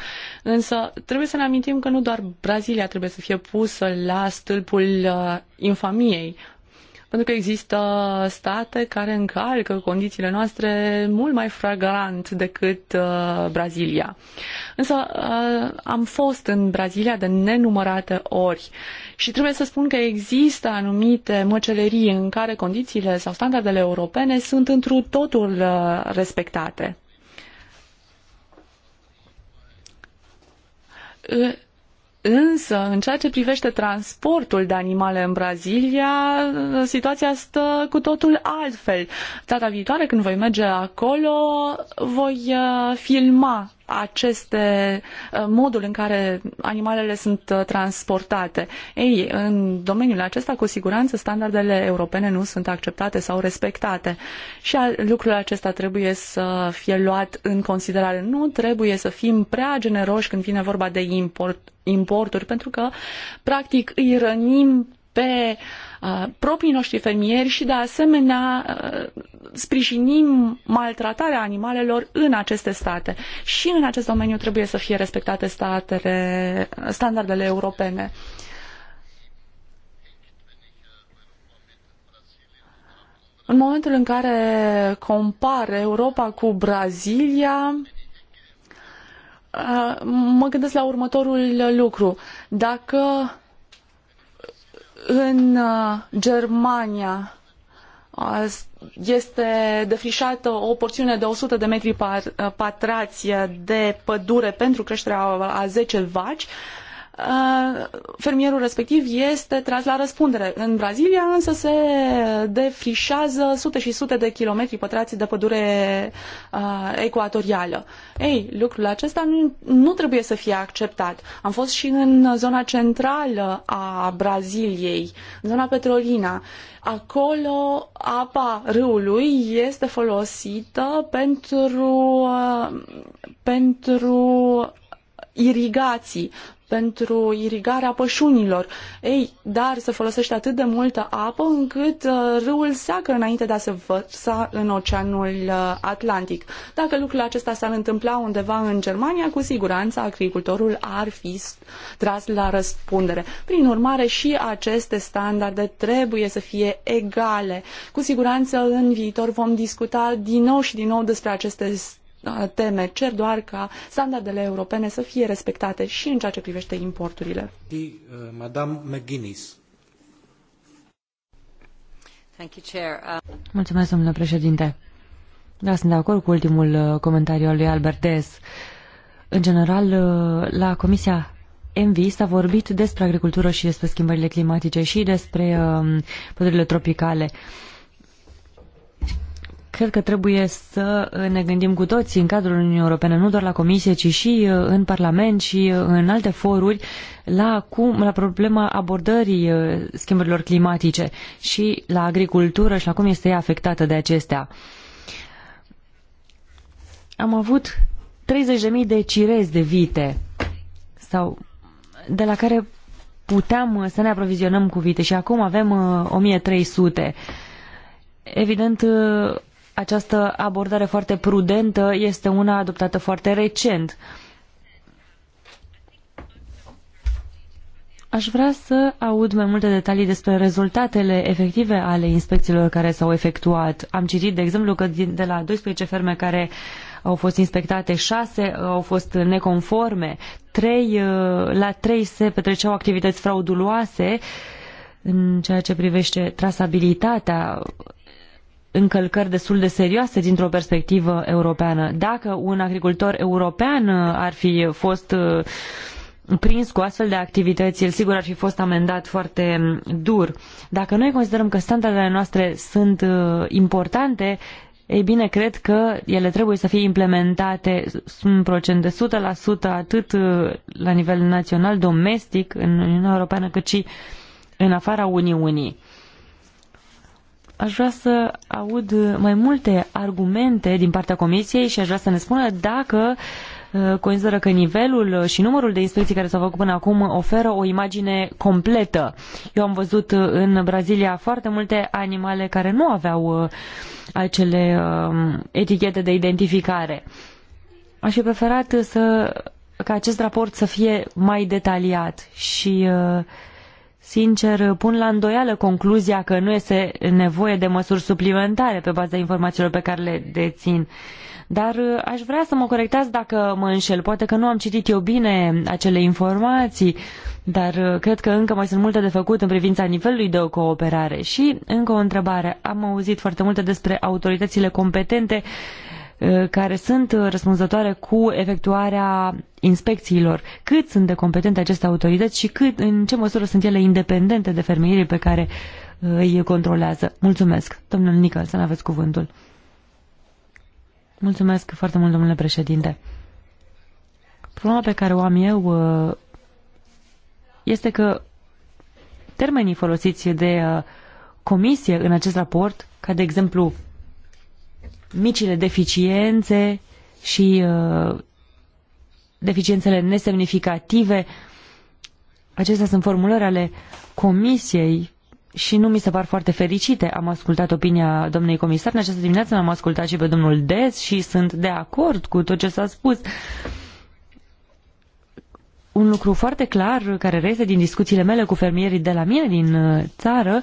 Însă trebuie să ne amintim că nu doar Brazilia trebuie să fie pusă la stâlpul uh, infamiei. Pentru că există state care încalcă condițiile noastre mult mai fragrant decât uh, Brazilia. Însă uh, am fost în Brazilia de nenumărate ori și trebuie să spun că există anumite măcelerii în care condițiile sau standardele europene sunt întru totul uh, respectate. Uh, Însă, în ceea ce privește transportul de animale în Brazilia, situația stă cu totul altfel. Data viitoare, când voi merge acolo, voi uh, filma aceste uh, modul în care animalele sunt uh, transportate. Ei, în domeniul acesta, cu siguranță, standardele europene nu sunt acceptate sau respectate și lucrul acesta trebuie să fie luat în considerare. Nu trebuie să fim prea generoși când vine vorba de import, importuri, pentru că, practic, îi rănim pe uh, proprii noștri fermieri și de asemenea sprijinim maltratarea animalelor în aceste state. Și în acest domeniu trebuie să fie respectate statele, standardele europene. În momentul în care compar Europa cu Brazilia, mă gândesc la următorul lucru. Dacă în uh, Germania uh, este defrișată o porțiune de 100 de metri pătrați uh, de pădure pentru creșterea a 10 vaci, Uh, fermierul respectiv este tras la răspundere. În Brazilia însă se defrișează sute și sute de kilometri pătrați de pădure uh, ecuatorială. Ei, lucrul acesta nu, nu trebuie să fie acceptat. Am fost și în zona centrală a Braziliei, zona Petrolina. Acolo apa râului este folosită pentru, uh, pentru irigații pentru irigarea pășunilor. Ei, dar se folosește atât de multă apă încât uh, râul seacă înainte de a se vărsa în Oceanul uh, Atlantic. Dacă lucrul acesta s-ar întâmpla undeva în Germania, cu siguranță agricultorul ar fi tras la răspundere. Prin urmare, și aceste standarde trebuie să fie egale. Cu siguranță în viitor vom discuta din nou și din nou despre aceste standarde teme. Cer doar ca standardele europene să fie respectate și în ceea ce privește importurile. Uh, Madame McGuinness. Uh, Mulțumesc, domnule președinte. Da, sunt de acord cu ultimul uh, comentariu al lui Albert În general, la Comisia Envi s-a vorbit despre agricultură și despre schimbările climatice și despre um, pădurile tropicale. Uh, Cred că trebuie să uh, ne gândim cu toții în cadrul Uniunii Europene, nu doar la Comisie, ci și uh, în Parlament și uh, în alte foruri, la, cum, la problema abordării schimbărilor climatice și la agricultură și la cum este ea afectată de acestea. Am avut 30.000 de cirezi de vite sau de la care puteam să ne aprovizionăm cu vite și acum avem 1300. Evident, această abordare foarte prudentă este una adoptată foarte recent. Aș vrea să aud mai multe detalii despre rezultatele efective ale inspecțiilor care s-au efectuat. Am citit, de exemplu, că din de la 12 ferme care au fost inspectate, 6 uh, au fost neconforme, 3, uh, la 3 se petreceau activități frauduloase în ceea ce privește trasabilitatea încălcări destul de serioase dintr-o perspectivă europeană. Dacă un agricultor european uh, ar fi fost uh, prins cu astfel de activități, el sigur ar fi fost amendat foarte um, dur. Dacă noi considerăm că standardele noastre sunt uh, importante, ei bine, cred că ele trebuie să fie implementate un procent de 100% atât la nivel național, domestic, în Uniunea Europeană, cât și în afara Uniunii aș vrea să aud mai multe argumente din partea Comisiei și aș vrea să ne spună dacă uh, consideră că nivelul și numărul de inspecții care s-au făcut până acum oferă o imagine completă. Eu am văzut uh, în Brazilia foarte multe animale care nu aveau uh, acele etichete de identificare. Aș fi preferat să, ca acest raport să fie mai detaliat și uh, Sincer, pun la îndoială concluzia că nu este nevoie de măsuri suplimentare pe baza informațiilor pe care le dețin. Dar uh, aș vrea să mă corectați dacă mă înșel. Poate că nu am citit eu bine acele informații, dar uh, cred că încă mai sunt multe de făcut în privința nivelului de cooperare. Și încă o întrebare. Am auzit foarte multe despre autoritățile competente Uh, care sunt răspunzătoare cu efectuarea inspecțiilor. Cât sunt de competente aceste autorități și cât, în ce măsură sunt ele independente de fermierii pe care uh, îi controlează. Mulțumesc. Domnul Nicholson, aveți cuvântul. Mulțumesc foarte mult, domnule președinte. Problema pe care o am eu uh, este că termenii folosiți de comisie în acest raport, ca de exemplu micile deficiențe și uh, deficiențele nesemnificative. Acestea sunt formulări ale comisiei și nu mi se par foarte fericite. Am ascultat opinia domnei comisar în această dimineață, am ascultat și pe domnul Des și sunt de acord cu tot ce s-a spus. Un lucru foarte clar care reiese din discuțiile mele cu fermierii de la mine din uh, țară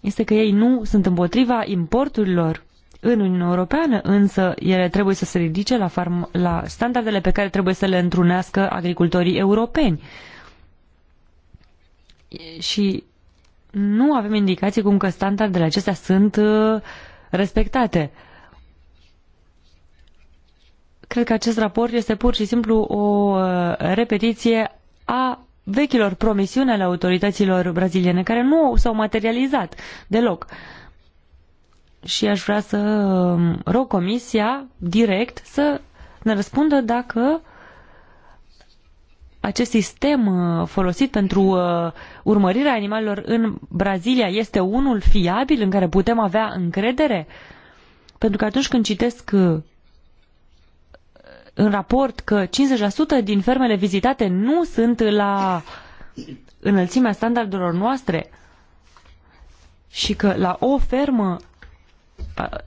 este că ei nu sunt împotriva importurilor în Uniunea Europeană, însă, ele trebuie să se ridice la, farm- la standardele pe care trebuie să le întrunească agricultorii europeni. Și nu avem indicații cum că standardele acestea sunt uh, respectate. Cred că acest raport este pur și simplu o uh, repetiție a vechilor promisiuni ale autorităților braziliene, care nu s-au materializat deloc. Uh, și aș vrea să um, rog Comisia direct să ne răspundă dacă acest sistem uh, folosit pentru uh, urmărirea animalelor în Brazilia este unul fiabil în care putem avea încredere? Pentru că atunci când citesc uh, în raport că 50% din fermele vizitate nu sunt la înălțimea standardelor noastre și că la o fermă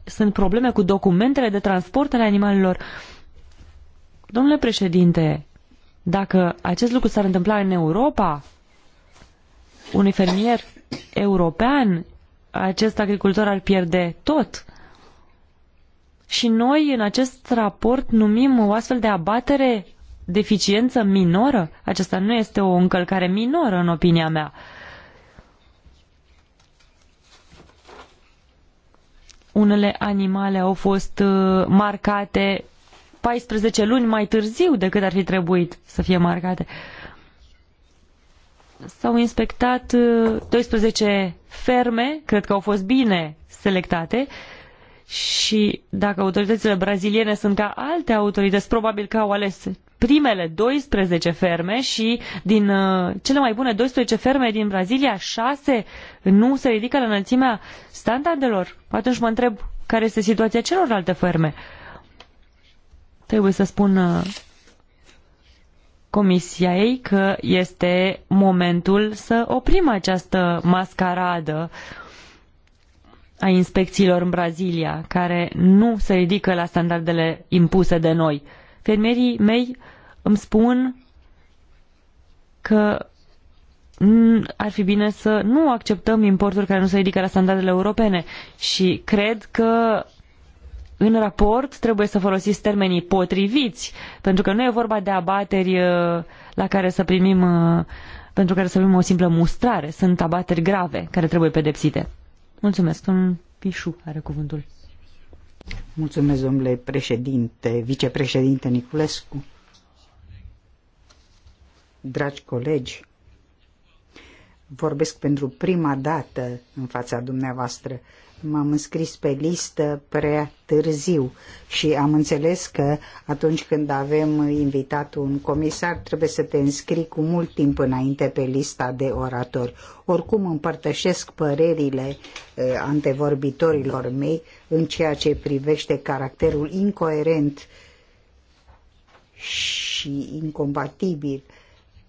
sunt probleme cu documentele de transport ale animalelor. Domnule președinte, dacă acest lucru s-ar întâmpla în Europa, unui fermier european, acest agricultor ar pierde tot. Și noi, în acest raport, numim o astfel de abatere deficiență minoră? Aceasta nu este o încălcare minoră, în opinia mea. unele animale au fost uh, marcate 14 luni mai târziu decât ar fi trebuit să fie marcate. S-au inspectat 12 uh, ferme, cred că au fost bine selectate și dacă autoritățile braziliene sunt ca alte autorități, probabil că au ales primele 12 ferme și din uh, cele mai bune 12 ferme din Brazilia, 6 nu se ridică la înălțimea standardelor? Atunci mă întreb care este situația celorlalte ferme. Trebuie să spun uh, comisia ei că este momentul să oprim această mascaradă a inspecțiilor în Brazilia, care nu se ridică la standardele impuse de noi. Fermierii mei îmi spun că ar fi bine să nu acceptăm importuri care nu se ridică la standardele europene și cred că în raport trebuie să folosiți termenii potriviți, pentru că nu e vorba de abateri uh, la care să primim uh, pentru care să primim o simplă mustrare. Sunt abateri grave care trebuie pedepsite. Mulțumesc. Un pișu are cuvântul. Mulțumesc, domnule președinte, vicepreședinte Niculescu. Dragi colegi, vorbesc pentru prima dată în fața dumneavoastră m-am înscris pe listă prea târziu și am înțeles că atunci când avem invitat un comisar trebuie să te înscrii cu mult timp înainte pe lista de oratori. Oricum împărtășesc părerile eh, antevorbitorilor mei în ceea ce privește caracterul incoerent și incompatibil uh,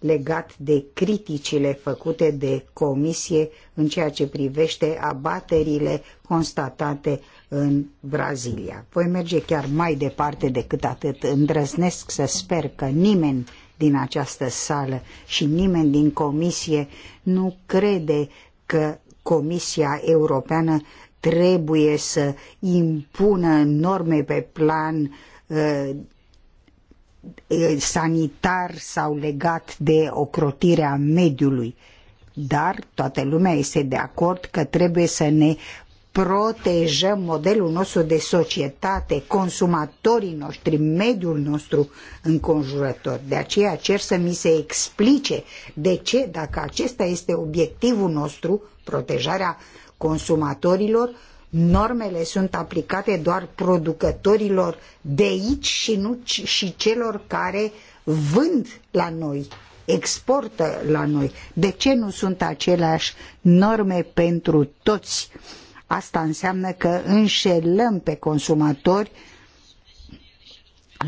legat de criticile făcute de comisie în ceea ce privește abaterile constatate în Brazilia. Voi merge chiar mai departe decât atât. Îndrăznesc să sper că nimeni din această sală și nimeni din comisie nu crede că Comisia Europeană trebuie să impună norme pe plan uh, sanitar sau legat de ocrotirea mediului. Dar toată lumea este de acord că trebuie să ne protejăm modelul nostru de societate, consumatorii noștri, mediul nostru înconjurător. De aceea cer să mi se explice de ce, dacă acesta este obiectivul nostru, protejarea consumatorilor, normele sunt aplicate doar producătorilor de aici și, nu, și celor care vând la noi, exportă la noi. De ce nu sunt aceleași norme pentru toți? Asta înseamnă că înșelăm pe consumatori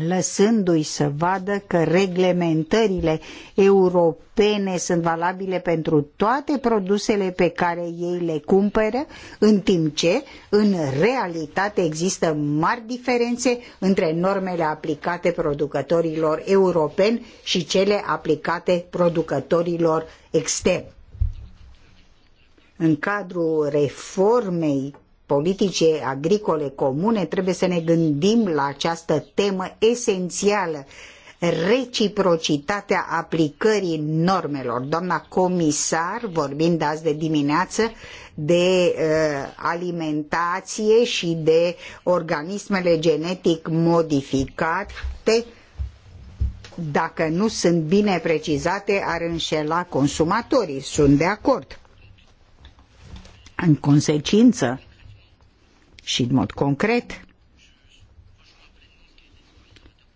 lăsându-i să vadă că reglementările europene sunt valabile pentru toate produsele pe care ei le cumpără, în timp ce, în realitate, există mari diferențe între normele aplicate producătorilor europeni și cele aplicate producătorilor externi. În cadrul reformei politicii agricole comune, trebuie să ne gândim la această temă esențială, reciprocitatea aplicării normelor. Doamna comisar, vorbind azi de dimineață, de uh, alimentație și de organismele genetic modificate, dacă nu sunt bine precizate, ar înșela consumatorii. Sunt de acord. În consecință, și în mod concret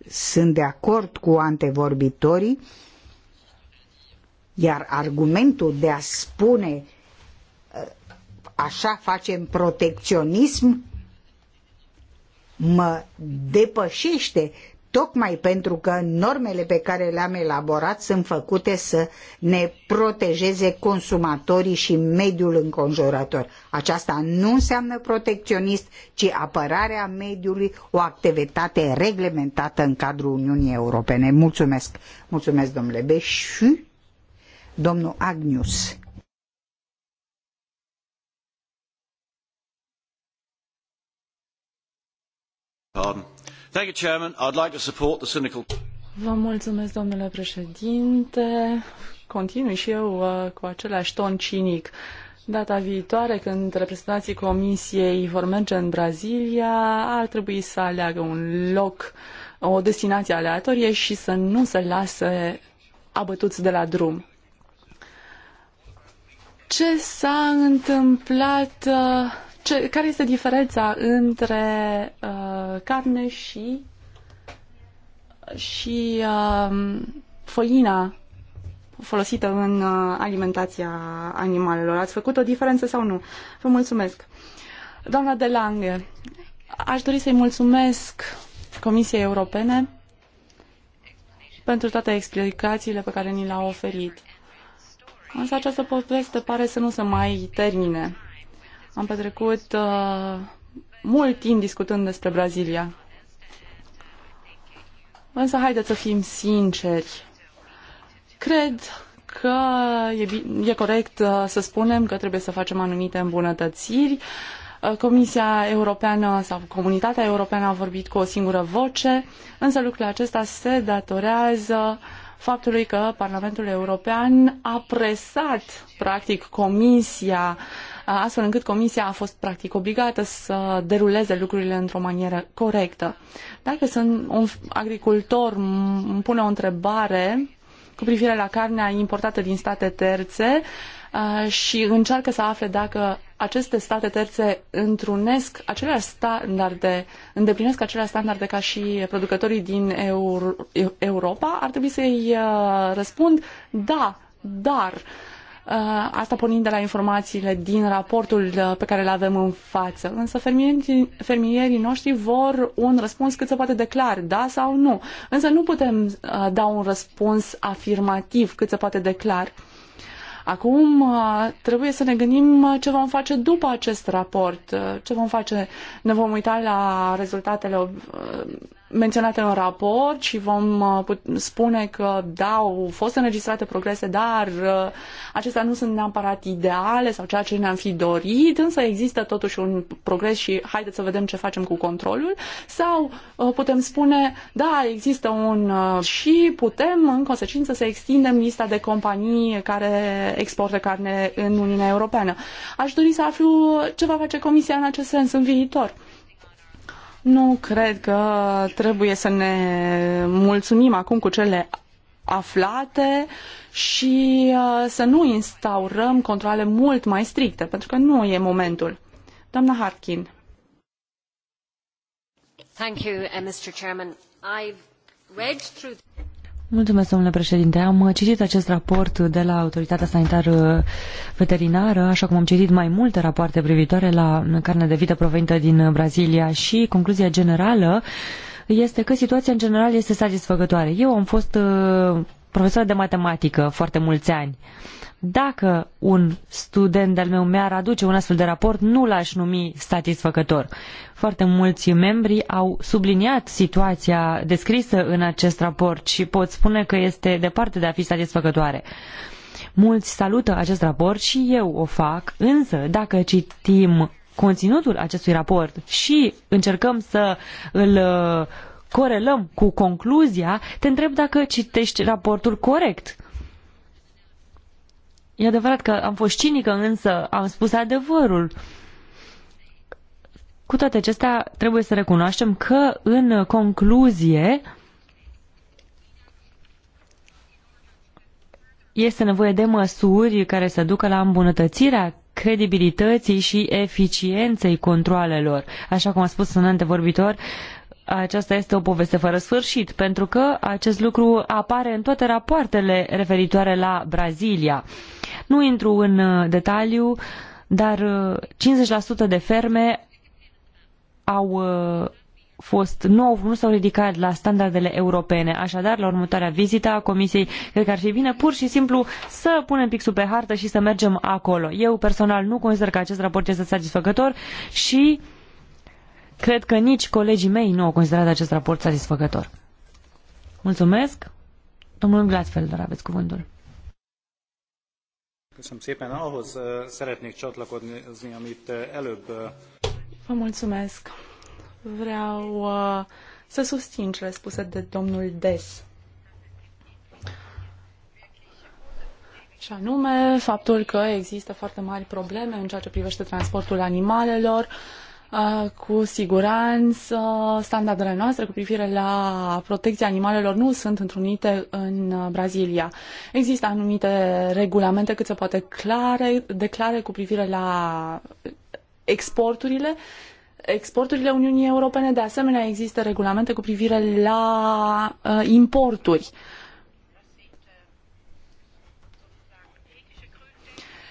sunt de acord cu antevorbitorii, iar argumentul de a spune uh, așa facem protecționism mă depășește tocmai pentru că normele pe care le-am elaborat sunt făcute să ne protejeze consumatorii și mediul înconjurător. Aceasta nu înseamnă protecționist, ci apărarea mediului, o activitate reglementată în cadrul Uniunii Europene. Mulțumesc! Mulțumesc, domnule Beșu! Domnul Agnius. Pardon. Vă mulțumesc, domnule președinte. Continui și eu uh, cu același ton cinic. Data viitoare, când reprezentanții Comisiei vor merge în Brazilia, ar trebui să aleagă un loc, o destinație aleatorie și să nu se lase abătuți de la drum. Ce s-a întâmplat uh, ce, care este diferența între uh, carne și și uh, făina folosită în uh, alimentația animalelor. Ați făcut o diferență sau nu? Vă mulțumesc. Doamna de Lange, aș dori să-i mulțumesc Comisiei Europene pentru toate explicațiile pe care ni le-a oferit. Însă această poveste pare să nu se mai termine. Am petrecut uh, mult timp discutând despre Brazilia. Însă haideți să fim sinceri. Cred că e, e corect uh, să spunem că trebuie să facem anumite îmbunătățiri. Uh, Comisia Europeană sau Comunitatea Europeană a vorbit cu o singură voce, însă lucrul acesta se datorează faptului că Parlamentul European a presat, practic, Comisia uh, astfel încât Comisia a fost practic obligată să deruleze lucrurile într-o manieră corectă. Dacă sunt un agricultor îmi pune o întrebare cu privire la carnea importată din state terțe și încearcă să afle dacă aceste state terțe întrunesc aceleași standarde, îndeplinesc aceleași standarde ca și producătorii din Euro Europa, ar trebui să-i răspund da, dar uh, Uh, asta pornind de la informațiile din raportul uh, pe care îl avem în față. Însă fermierii, noștri vor un răspuns cât se poate de clar, da sau nu. Însă nu putem uh, da un răspuns afirmativ cât se poate de clar. Acum trebuie să ne gândim ce vom face după acest raport, ce vom face, ne vom uita la rezultatele menționate în raport și vom uh, spune că da, au fost înregistrate progrese, dar uh, acestea nu sunt neapărat ideale sau ceea ce ne-am fi dorit, însă există totuși un progres și haideți să vedem ce facem cu controlul sau uh, putem spune da, există un și putem în consecință să extindem lista de companii care exportă carne în Uniunea Europeană. Aș dori să aflu ce va face Comisia în acest sens în viitor. Nu cred că trebuie să ne mulțumim acum cu cele aflate și uh, să nu instaurăm controle mult mai stricte, pentru că nu e momentul. Doamna Harkin. Thank you, uh, Mr. Chairman. I've read through Mulțumesc, domnule președinte. Am uh, citit acest raport de la Autoritatea Sanitară uh, Veterinară, așa cum am citit mai multe rapoarte privitoare la carne de vită provenită din uh, Brazilia și concluzia generală este că situația în general este satisfăcătoare. Eu am fost profesor de matematică foarte mulți ani. Dacă un student de-al meu mi-ar aduce un astfel de raport, nu l-aș numi satisfăcător. Foarte mulți membri au subliniat situația descrisă în acest raport și pot spune că este departe de a fi satisfăcătoare. Mulți salută acest raport și eu o fac, însă dacă citim conținutul acestui raport și încercăm să îl uh, corelăm cu concluzia, te întreb dacă citești raportul corect. E adevărat că am fost cinică, însă am spus adevărul. Cu toate acestea, trebuie să recunoaștem că, în concluzie, este nevoie de măsuri care să ducă la îmbunătățirea credibilității și eficienței controalelor. Așa cum a spus un antevorbitor, aceasta este o poveste fără sfârșit, pentru că acest lucru apare în toate rapoartele referitoare la Brazilia. Nu intru în uh, detaliu, dar 50% uh, de ferme au uh, fost, nu, au, nu s-au ridicat la standardele europene. Așadar, la următoarea vizită a Comisiei, cred că ar fi bine pur și simplu să punem pixul pe hartă și să mergem acolo. Eu personal nu consider că acest raport este satisfăcător și cred că nici colegii mei nu au considerat acest raport satisfăcător. Mulțumesc. Domnul Glasfelder, aveți cuvântul. Köszönöm szépen. Ahhoz szeretnék csatlakozni, amit előbb... Vă mulțumesc. Vreau uh, să susțin cele spuse de domnul Des. Și anume, faptul că există foarte mari probleme în ceea ce privește transportul animalelor, uh, cu siguranță, standardele noastre cu privire la protecția animalelor nu sunt întrunite în uh, Brazilia. Există anumite regulamente cât se poate clare, declare cu privire la exporturile exporturile Uniunii Europene, de asemenea există regulamente cu privire la uh, importuri. Uh,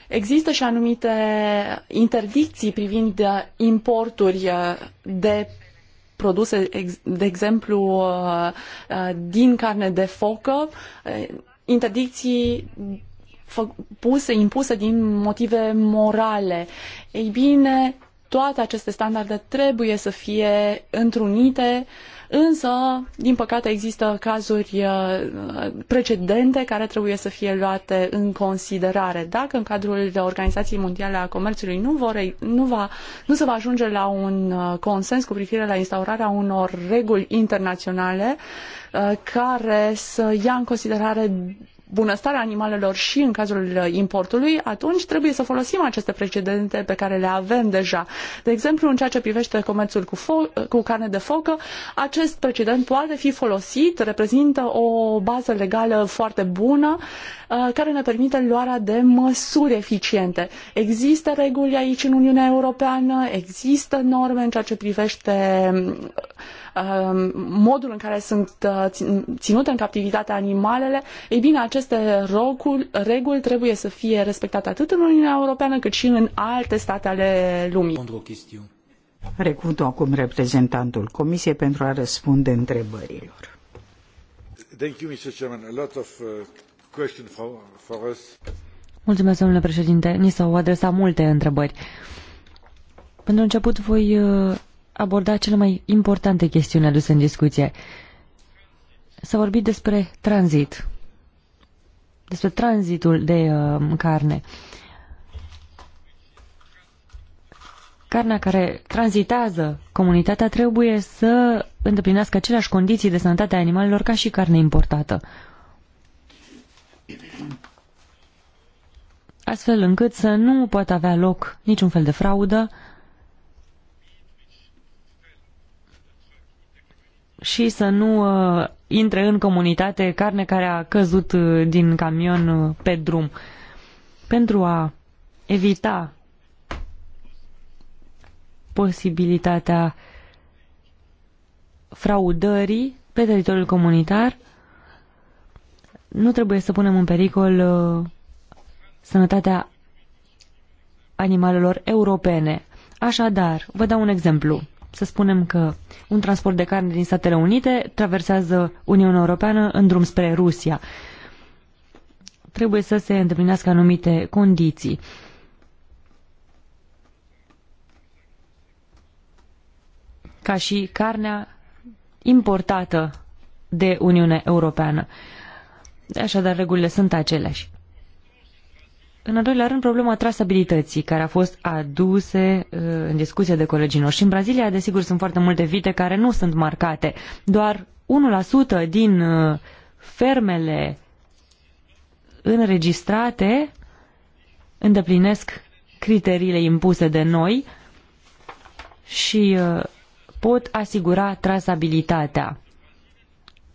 Există și anumite interdicții privind uh, importuri uh, de produse, de exemplu, uh, din carne de focă, interdicții puse, impuse din motive morale. Ei bine, toate aceste standarde trebuie să fie întrunite uh, Însă, din păcate, există cazuri uh, precedente care trebuie să fie luate în considerare. Dacă în cadrul Organizației Mondiale a Comerțului nu, vor, nu, va, nu se va ajunge la un uh, consens cu privire la instaurarea unor reguli internaționale uh, care să ia în considerare bunăstarea animalelor și în cazul uh, importului, atunci trebuie să folosim aceste precedente pe care le avem deja. De exemplu, în ceea ce privește comerțul cu, uh, cu carne de focă, acest precedent poate fi folosit, reprezintă o bază legală foarte bună uh, care ne permite luarea de măsuri eficiente. Există reguli aici în Uniunea Europeană, există norme în ceea ce privește Um, modul în care sunt uh, ținute în captivitate animalele, ei bine, aceste rogul, reguli trebuie să fie respectate atât în Uniunea Europeană cât și în alte state ale lumii. Are cuvântul acum reprezentantul Comisiei pentru a răspunde întrebărilor. Thank you, Mr. Chairman. A lot of uh, questions for us. Mulțumesc, domnule președinte. Ni s-au adresat multe întrebări. Pentru început voi uh, aborda cele mai importante chestiuni aduse în discuție. S-a vorbit despre tranzit, despre tranzitul de uh, carne. Carnea care tranzitează comunitatea trebuie să îndeplinească aceleași condiții de sănătate a animalelor ca și carne importată. Astfel încât să nu poată avea loc niciun fel de fraudă, uh, și să nu uh, intre în comunitate carne care a căzut uh, din camion uh, pe drum. Pentru a evita posibilitatea fraudării pe teritoriul comunitar, nu trebuie să punem în pericol sănătatea animalelor europene. Așadar, vă dau un exemplu să spunem că un transport de carne din Statele Unite traversează Uniunea Europeană în drum spre Rusia. Trebuie să se îndeplinească anumite condiții. Ca și carnea importată de Uniunea Europeană. Așadar, regulile sunt aceleași. În al doilea rând, problema trasabilității care a fost aduse uh, în discuție de colegii noștri. În Brazilia, desigur, sunt foarte multe vite care nu sunt marcate. Doar 1% din uh, fermele înregistrate îndeplinesc criteriile impuse de noi și uh, pot asigura trasabilitatea.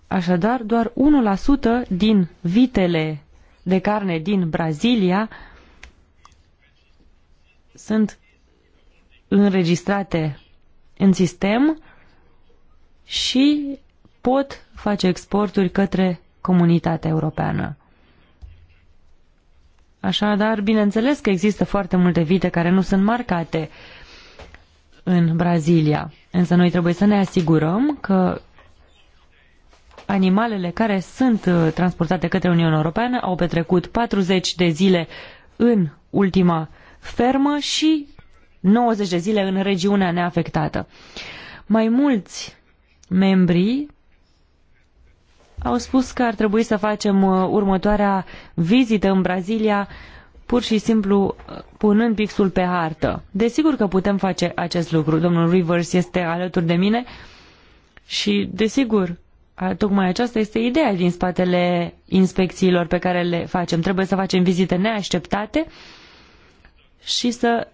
Așadar, doar 1% din vitele de carne din Brazilia sunt înregistrate în sistem și pot face exporturi către comunitatea europeană. Așadar, bineînțeles că există foarte multe vite care nu sunt marcate în Brazilia, însă noi trebuie să ne asigurăm că animalele care sunt uh, transportate către Uniunea Europeană au petrecut 40 de zile în ultima fermă și 90 de zile în regiunea neafectată. Mai mulți membri au spus că ar trebui să facem uh, următoarea vizită în Brazilia pur și simplu uh, punând pixul pe hartă. Desigur că putem face acest lucru. Domnul Rivers este alături de mine și, desigur, tocmai aceasta este ideea din spatele inspecțiilor pe care le facem. Trebuie să facem vizite neașteptate și să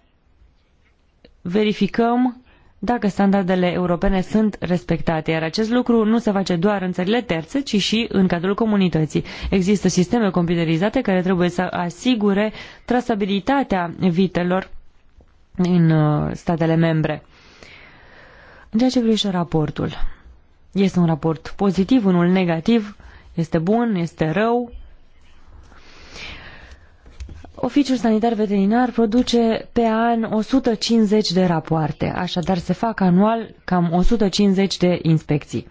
verificăm dacă standardele europene sunt respectate, iar acest lucru nu se face doar în țările terțe, ci și în cadrul comunității. Există sisteme computerizate care trebuie să asigure trasabilitatea vitelor în uh, statele membre. În ceea ce privește raportul, este un raport pozitiv, unul negativ, este bun, este rău. Oficiul Sanitar Veterinar produce pe an 150 de rapoarte, așadar se fac anual cam 150 de inspecții.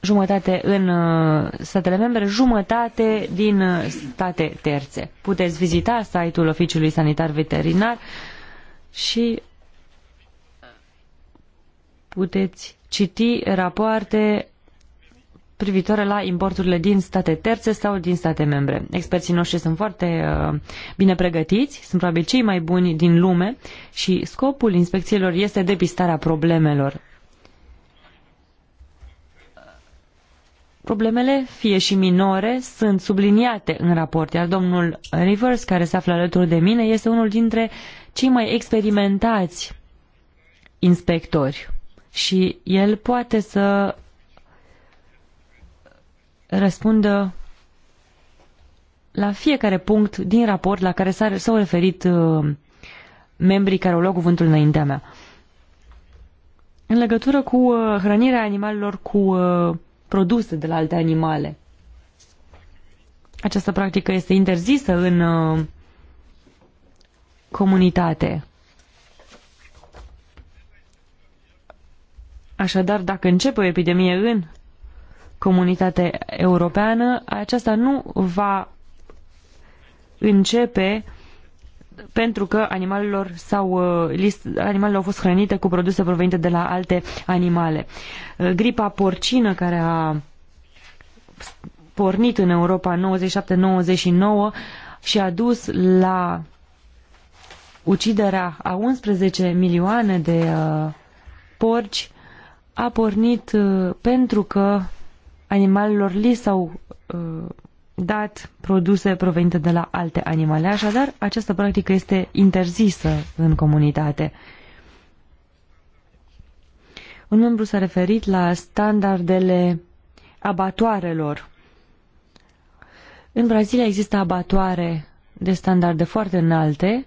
Jumătate în uh, statele membre, jumătate din uh, state terțe. Puteți vizita site-ul Oficiului Sanitar Veterinar și puteți citi rapoarte privitoare la importurile din state terțe sau din state membre. Experții noștri sunt foarte uh, bine pregătiți, sunt probabil cei mai buni din lume și scopul inspecțiilor este depistarea problemelor. Problemele, fie și minore, sunt subliniate în raport, iar domnul Rivers, care se află alături de mine, este unul dintre cei mai experimentați inspectori și el poate să răspundă la fiecare punct din raport la care s-au referit uh, membrii care au luat cuvântul înaintea mea. În legătură cu uh, hrănirea animalelor cu uh, produse de la alte animale, această practică este interzisă în uh, comunitate. Așadar, dacă începe o epidemie în comunitatea europeană, aceasta nu va începe pentru că animalelor, sau, uh, animalelor au fost hrănite cu produse provenite de la alte animale. Uh, gripa porcină care a pornit în Europa 97-99 și a dus la uciderea a 11 milioane de uh, porci a pornit uh, pentru că animalelor li s-au uh, dat produse provenite de la alte animale. Așadar, această practică este interzisă în comunitate. Un membru s-a referit la standardele abatoarelor. În Brazilia există abatoare de standarde foarte înalte,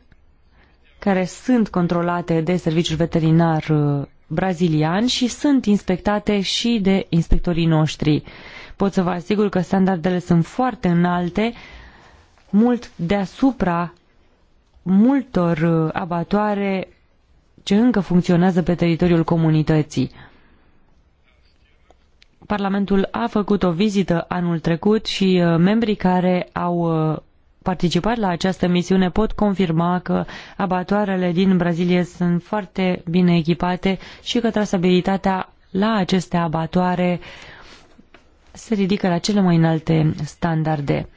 care sunt controlate de serviciul veterinar uh, brazilian și sunt inspectate și de inspectorii noștri. Pot să vă asigur că standardele sunt foarte înalte, mult deasupra multor uh, abatoare ce încă funcționează pe teritoriul comunității. Parlamentul a făcut o vizită anul trecut și uh, membrii care au uh, participat la această misiune pot confirma că abatoarele din Brazilie sunt foarte bine echipate și că trasabilitatea la aceste abatoare se ridică la cele mai înalte standarde.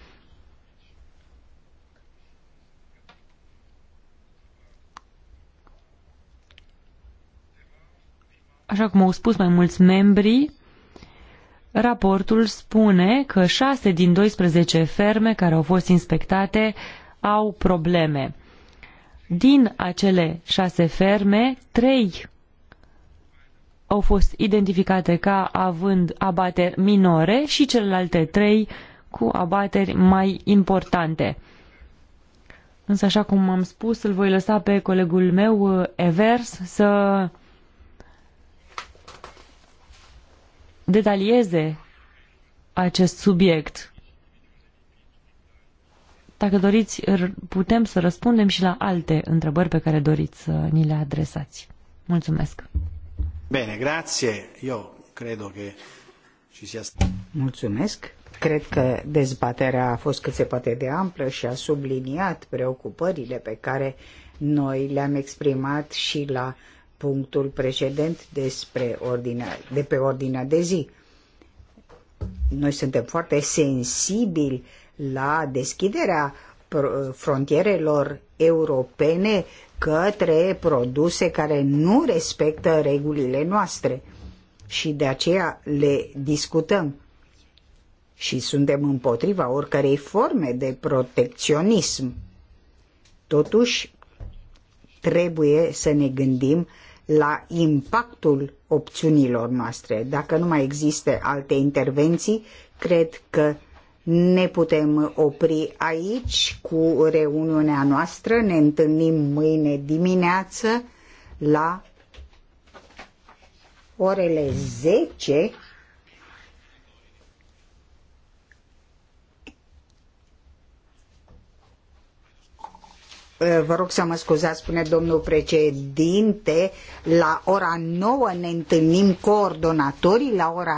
Așa cum au spus mai mulți membri, Raportul spune că 6 din 12 ferme care au fost inspectate au probleme. Din acele 6 ferme, 3 au fost identificate ca având abateri minore și celelalte 3 cu abateri mai importante. Însă, așa cum am spus, îl voi lăsa pe colegul meu, eh, Evers, să detalieze acest subiect. Dacă doriți, putem să răspundem și la alte întrebări pe care doriți să ni le adresați. Mulțumesc! Bine, grație! Eu cred că și ci asta. Mulțumesc! Cred că dezbaterea a fost cât se poate de amplă și a subliniat preocupările pe care noi le-am exprimat și la punctul precedent despre ordinea, de pe ordinea de zi. Noi suntem foarte sensibili la deschiderea frontierelor europene către produse care nu respectă regulile noastre și de aceea le discutăm și suntem împotriva oricărei forme de protecționism. Totuși, trebuie să ne gândim la impactul opțiunilor noastre. Dacă nu mai există alte intervenții, cred că ne putem opri aici cu reuniunea noastră. Ne întâlnim mâine dimineață la orele 10 Eh, vă rog să mă scuzați, spune domnul președinte, la ora 9 ne întâlnim coordonatorii, la ora